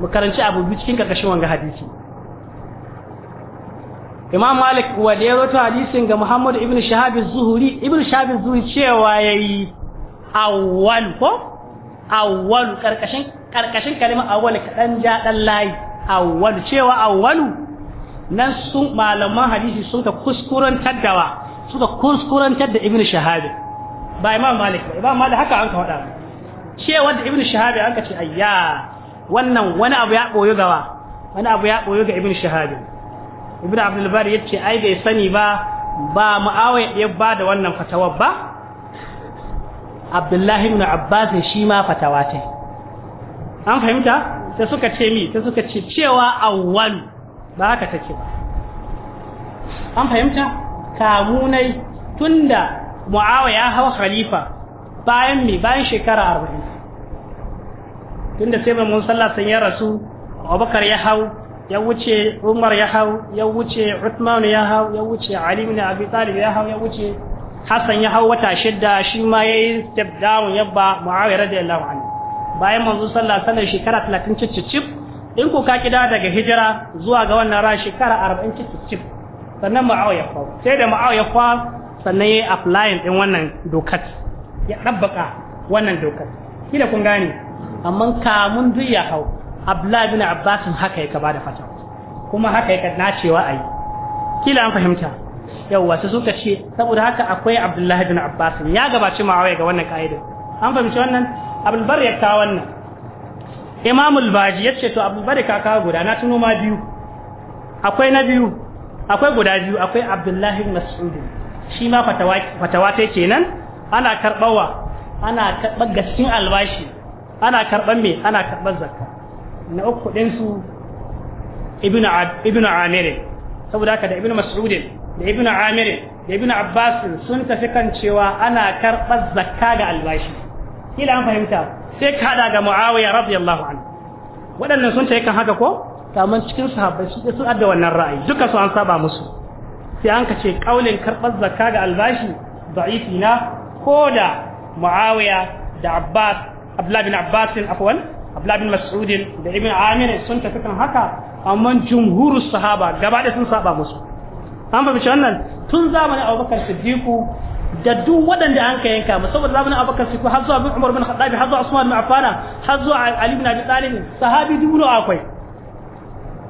mu karanci abu bi cikin karkashin wanga hadisi Imam Malik wa da yaro ta hadisin ga Muhammad ibn Shahab az-Zuhri ibn Shahab az-Zuhri cewa yayi awwal ko awwal karkashin karkashin kalmar awwal kadan ja dan layi awwal cewa awwalu nan sun malaman hadisi sun ka kuskuren taddawa suka kuskurantar da ibnu shahabi ba imam malik ba imam malik haka an ka faɗa cewa da ibnu shahabi an ka ce ayya wannan wani abu ya boyo gawa wani abu ya boyo ga ibnu shahabi ibnu abdul ya yace ai bai sani ba ba muawiya ya ba da wannan fatawa ba abdullahi ibn abbas shi ma fatawa ce an fahimta sai suka ce mi sai suka ce cewa awwal ba haka take ba an fahimta kamunai tunda mu'awa ya hawa khalifa bayan mi bayan shekara arba'in tunda sai mun sallah sun ya rasu Abubakar ya hau ya wuce Umar ya hau ya wuce Uthman ya hau ya wuce Ali ibn Abi Talib ya hau ya wuce Hassan ya hau wata shidda shi ma yayi step down yabba Muawiya radiyallahu anhu bayan manzo sallah sanar shekara 30 cicicip in ko ka kida daga hijira zuwa ga wannan ran shekara 40 cicicip sannan ma'awar ya fa sai da ma'awar ya fa sannan ya yi applying ɗin wannan dokar ya dabbaka wannan dokar kila kun gane amma kamun duk ya hau Abdullahi bin abbasin haka yake bada fata kuma haka yake nacewa yi kila an fahimta yawwa su suka ce saboda haka akwai Abdullahi bin abbasin ya gabaci ma'awa ga wannan kaida an fahimci wannan Abdul ya ta wannan imamul baji ya ce to Abdul Bar ka kawo guda na tuno ma biyu akwai na biyu akwai guda biyu akwai abdullahi Mas'udin shi ma fatawa ta kenan ana karbawa ana karbar gaskin albashi ana karɓar me ana karɓar zakka na uku din su ibnu ibnu amir saboda haka da ibnu mas'ud da ibnu amir da ibnu abbas sun tafi kan cewa ana karɓar zakka ga albashi kila an fahimta sai ka hada ga muawiya radiyallahu anhu waɗannan sun yi kan haka ko kamar cikin sahabbai su sun adda wannan ra'ayi duka su an saba musu sai an kace kaulin karbar zakka ga albashi da'ifi na koda muawiya da abbas abdullah bin abbas afwan abdullah bin mas'ud da ibn amir sun tafi kan haka amma jumhurus sahaba gaba da sun saba musu an ba bice wannan tun zamanin abubakar siddiq da duk waɗanda an ka yanka musamman zamanin abubakar siddiq har zuwa bin umar bin khattab har zuwa usman bin affan har zuwa ali bin abi talib sahabi dubu akwai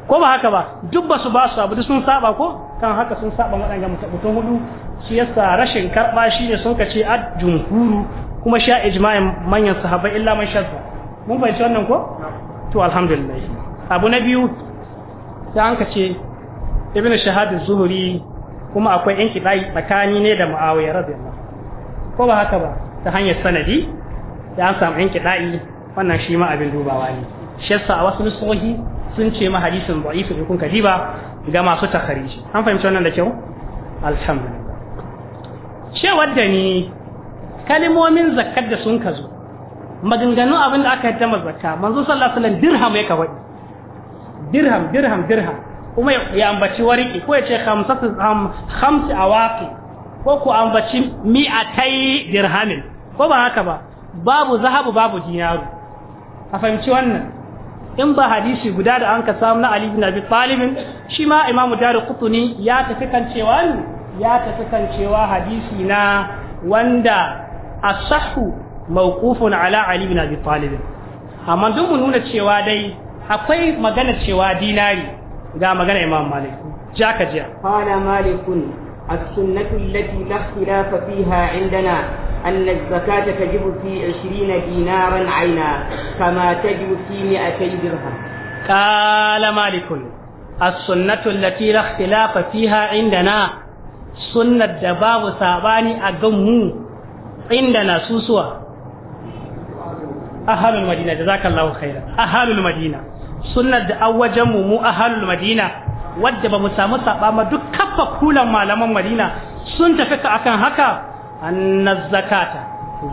ko ba haka ba duk ba su ba su abu sun saba ko kan haka sun saba waɗanda mutum hudu shi yasa rashin karɓa shi ne sun kace a jumhuru kuma sha ijma'in manyan sahabbai illa man shazza mun ci wannan ko to alhamdulillah abu na biyu sai an kace ibnu shahab zuhuri kuma akwai yan kidai tsakani ne da muawiya radiyallahu ko ba haka ba ta hanyar sanadi sai an samu yan kidai wannan shi ma abin dubawa ne shi yasa a wasu lissohi sun ce ma hadisin da'if in kun kaji ba ga masu takhariji an fahimci wannan da kyau alhamdulillah cewar da ni kalmomin zakkar da sun kazo maganganu abin da aka haddama zakka manzo sallallahu alaihi wasallam dirham ya kawai dirham dirham dirham kuma ya ambaci wariki ko ya ce khamsatu khamsi awaqi ko ku ambaci mi'atai dirhamin ko ba haka ba babu zahabu babu dinaru a fahimci wannan in ba hadisi guda da an ka samu na Ali ibn Abi Talib shi ma Imam Darqutni ya tafi kan cewa ya tafi kan cewa hadisi na wanda as-sahhu mawqufun ala Ali ibn Abi Talib amma duk mu nuna cewa dai akwai magana cewa dinari ga magana Imam Malik jaka jiya qala malikun السنة التي لا اختلاف فيها عندنا أن الزكاة تجب في عشرين دينارا عينا كما تجب في مئتي درهم قال مالك السنة التي لا اختلاف فيها عندنا سنة دباب ساباني أقمو عندنا سوسوة أهل المدينة جزاك الله خيرا أهل المدينة سنة أوجم مو أهل المدينة wadda ba mu samu saba ma duk kafa kulan malaman madina sun tafi ka akan haka anna zakata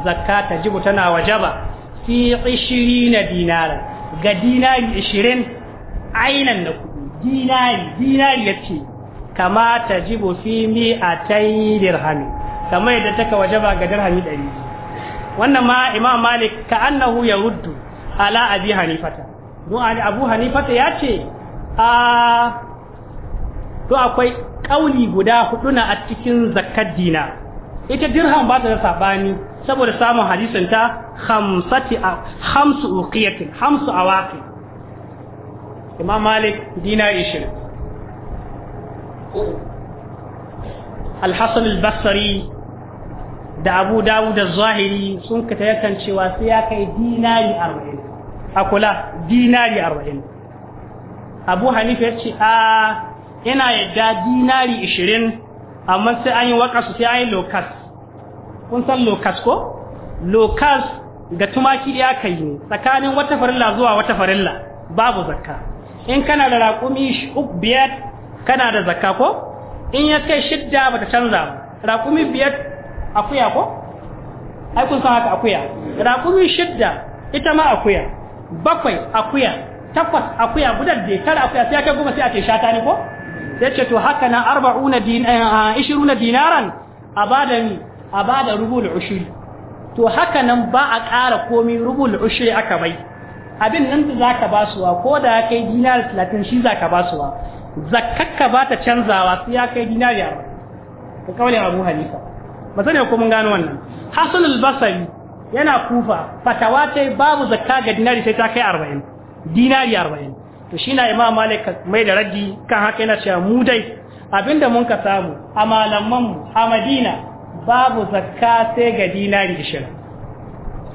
zakata jibu tana wajaba fi 20 dinara ga dinari 20 ainan na kudi dinari dinari yace kama tajibu fi mi'atai dirhami kama yadda taka wajaba ga dirhami 100 wannan ma imam malik ka annahu yaruddu ala abi hanifata don abu hanifata yace a ah, to akwai kauli guda hudu na a cikin zakat dina ita dirham ba ta da sabani saboda samun hadisin ta khamsati khamsu uqiyatin khamsu awaqi imam malik dina 20 al-hasan al-basri da abu dawud az-zahiri sun kata yakan cewa sai ya kai dinari 40 akula dinari 40 abu hanifa ya ce a ah, ina yadda dinari ishirin amma sai an yi wakasu sai an yi lokas kun san lokas ko lokas ga tumaki ya kai ne tsakanin wata farilla zuwa wata farilla babu zakka in kana da raƙumi biyar kana da zakka ko in ya kai shidda ba ta canza raƙumi biyar akuya ko ai kun san haka akuya raƙumi shidda ita ma akuya bakwai akuya takwas akuya budar da tara akuya sai ya goma sai a ce shata ne ko sai ce to haka na arba'una dinar eh, ishiruna dinaran a bada ni a bada rubul ushri to haka nan ba a ƙara komi rubul ushri aka bai abin nan da zaka basuwa ko da kai dinar 30 shi zaka basuwa zakkakka ba ta canzawa sai ya kai dinar 40 ka kaulin Abu Hanifa ba sani ko mun gano wannan Hasan al-Basri yana kufa fatawa ce babu zakka ga dinari sai ta kai 40 dinari 40 to shi na imam malik mai da raddi kan haka yana cewa mu dai abinda mun ka samu a malamanmu a madina babu zakka sai ga dinari ishirin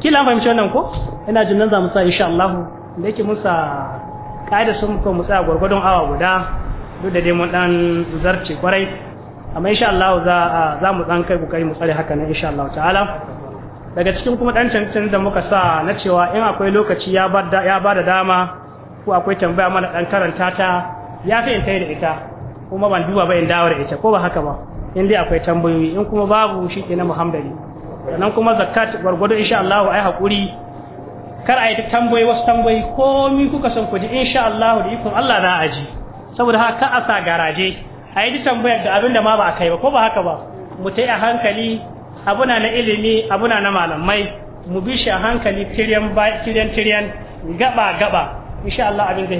kila an fahimci wannan ko ina jin nan za mu sa insha Allah da yake musa kaida sun ko mu tsaya gwargwadon awa guda duk da dai mun dan zarce kwarai amma insha Allah za za mu dan kai kokari mu tsare haka nan insha Allah ta'ala daga cikin kuma dan cancan da muka sa na cewa in akwai lokaci ya bada ya bada dama ko akwai tambaya mana dan karanta ta ya fi in kai da ita kuma ban duba ba in dawo da ita ko ba haka ba in dai akwai tambayoyi in kuma babu shi ke na muhammadi sannan kuma zakat gwargwado insha Allah ai hakuri kar a yi ta tambayi wasu tambayi komi kuka san ku ji insha Allah da ikon Allah za a ji saboda haka ka a sa garaje a yi ta tambayar da abinda ma ba a kai ba ko ba haka ba mu ta a hankali abuna na ilimi abuna na malamai mu bi shi a hankali tiryan tiryan gaba gaba insha Allah abin ga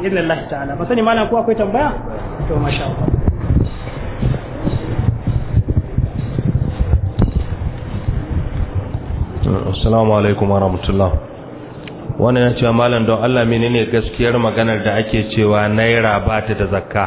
hita idan Allah ta'ala ba sani mana ko akwai tambaya to masha Allah assalamu alaikum warahmatullah wannan ya cewa malam don Allah menene gaskiyar maganar da ake cewa naira ba ta da zakka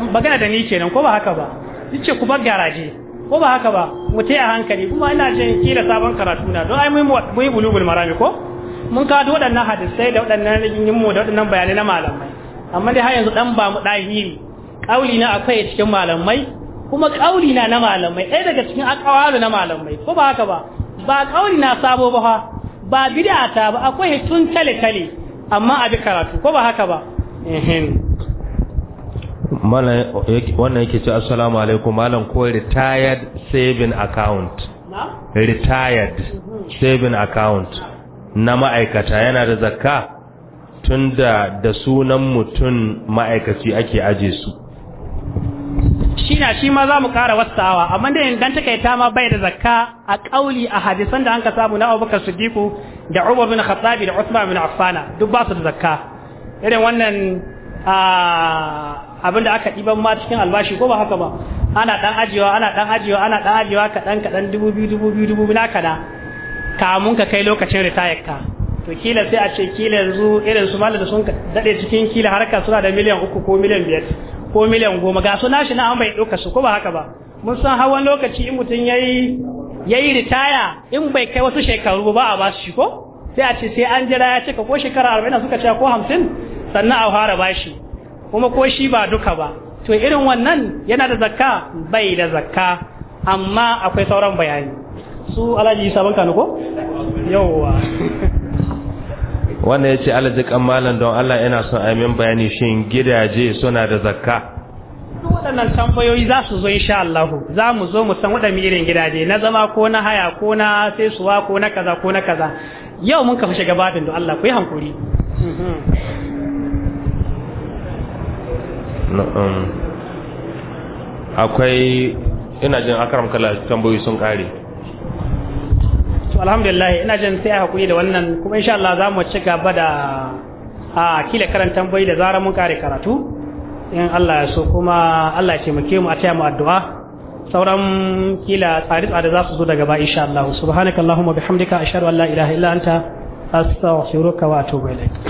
magana da ni kenan ko ba haka ba yace ku bar garaje ko ba haka ba mutai a hankali kuma ina jin kira sabon karatu na don ai mu mu bulugul marami ko mun da waɗannan hadisai da waɗannan rigingimin mu da waɗannan bayanai na malamai amma dai har yanzu dan ba mu dahiri kauli na akwai cikin malamai kuma kauli na na malamai ɗaya daga cikin akawalu na malamai ko ba haka ba ba kauli na sabo ba fa ba bid'a ta ba akwai tun tale tale amma bi karatu ko ba haka ba mala wannan yake ce assalamu alaikum malam ko retired saving account retired mhm. saving account na ma'aikata yana da zakka tunda da sunan mutum ma'aikaci ake aje su shi na shi ma za mu kara wasawa amma da ingantaka ta ma bai da zakka a kauli a hadisan da an ka samu na abubakar siddiqu da umar bin khattabi da usman bin Affan duk ba su da zakka irin wannan abin da aka ɗiban ma cikin albashi ko ba haka ba ana ɗan ajiyewa ana ɗan ajiyewa ana ɗan ajiyewa kaɗan kaɗan dubu biyu dubu biyu dubu biyu na kana kamun ka kai lokacin retire ka to kila sai a ce kila yanzu irin su malam da sun dade cikin kila harka suna da miliyan uku ko miliyan biyar ko miliyan goma ga na shi na an bai ɗauka su ko ba haka ba mun san hawan lokaci in mutum yayi yayi ritaya in bai kai wasu shekaru ba a ba su shi ko sai a ce sai an jira ya ka ko shekara arba'in suka ce ko hamsin sannan a fara bashi kuma ko shi ba duka ba to irin wannan yana da zakka bai da zakka amma akwai sauran bayani su alhaji sabon banka ko yawwa wanda ya ce alajikan malam don Allah yana son aimin bayani shin gidaje suna da zakka waɗannan tambayoyi za su zo insha Allah za mu zo mu san waɗannan irin gidaje na zama ko na haya ko na suwa ko na kaza ko na kaza yau mun kafa shiga babin don Allah ku yi hankuri mm-hmm. um, akwai ina jin akaram kala tambayoyi sun kare alhamdulillah ina jin sai hakuri da wannan kuma insha Allah za mu ci gaba da a kila karantan bai da zarar mun kare karatu in Allah ya so kuma Allah ya taimake mu a taya mu addu'a sauran kila tsari tsari za su zo daga ba insha Allah subhanakallahumma bihamdika ashhadu an la ilaha illa anta astaghfiruka wa atubu ilaik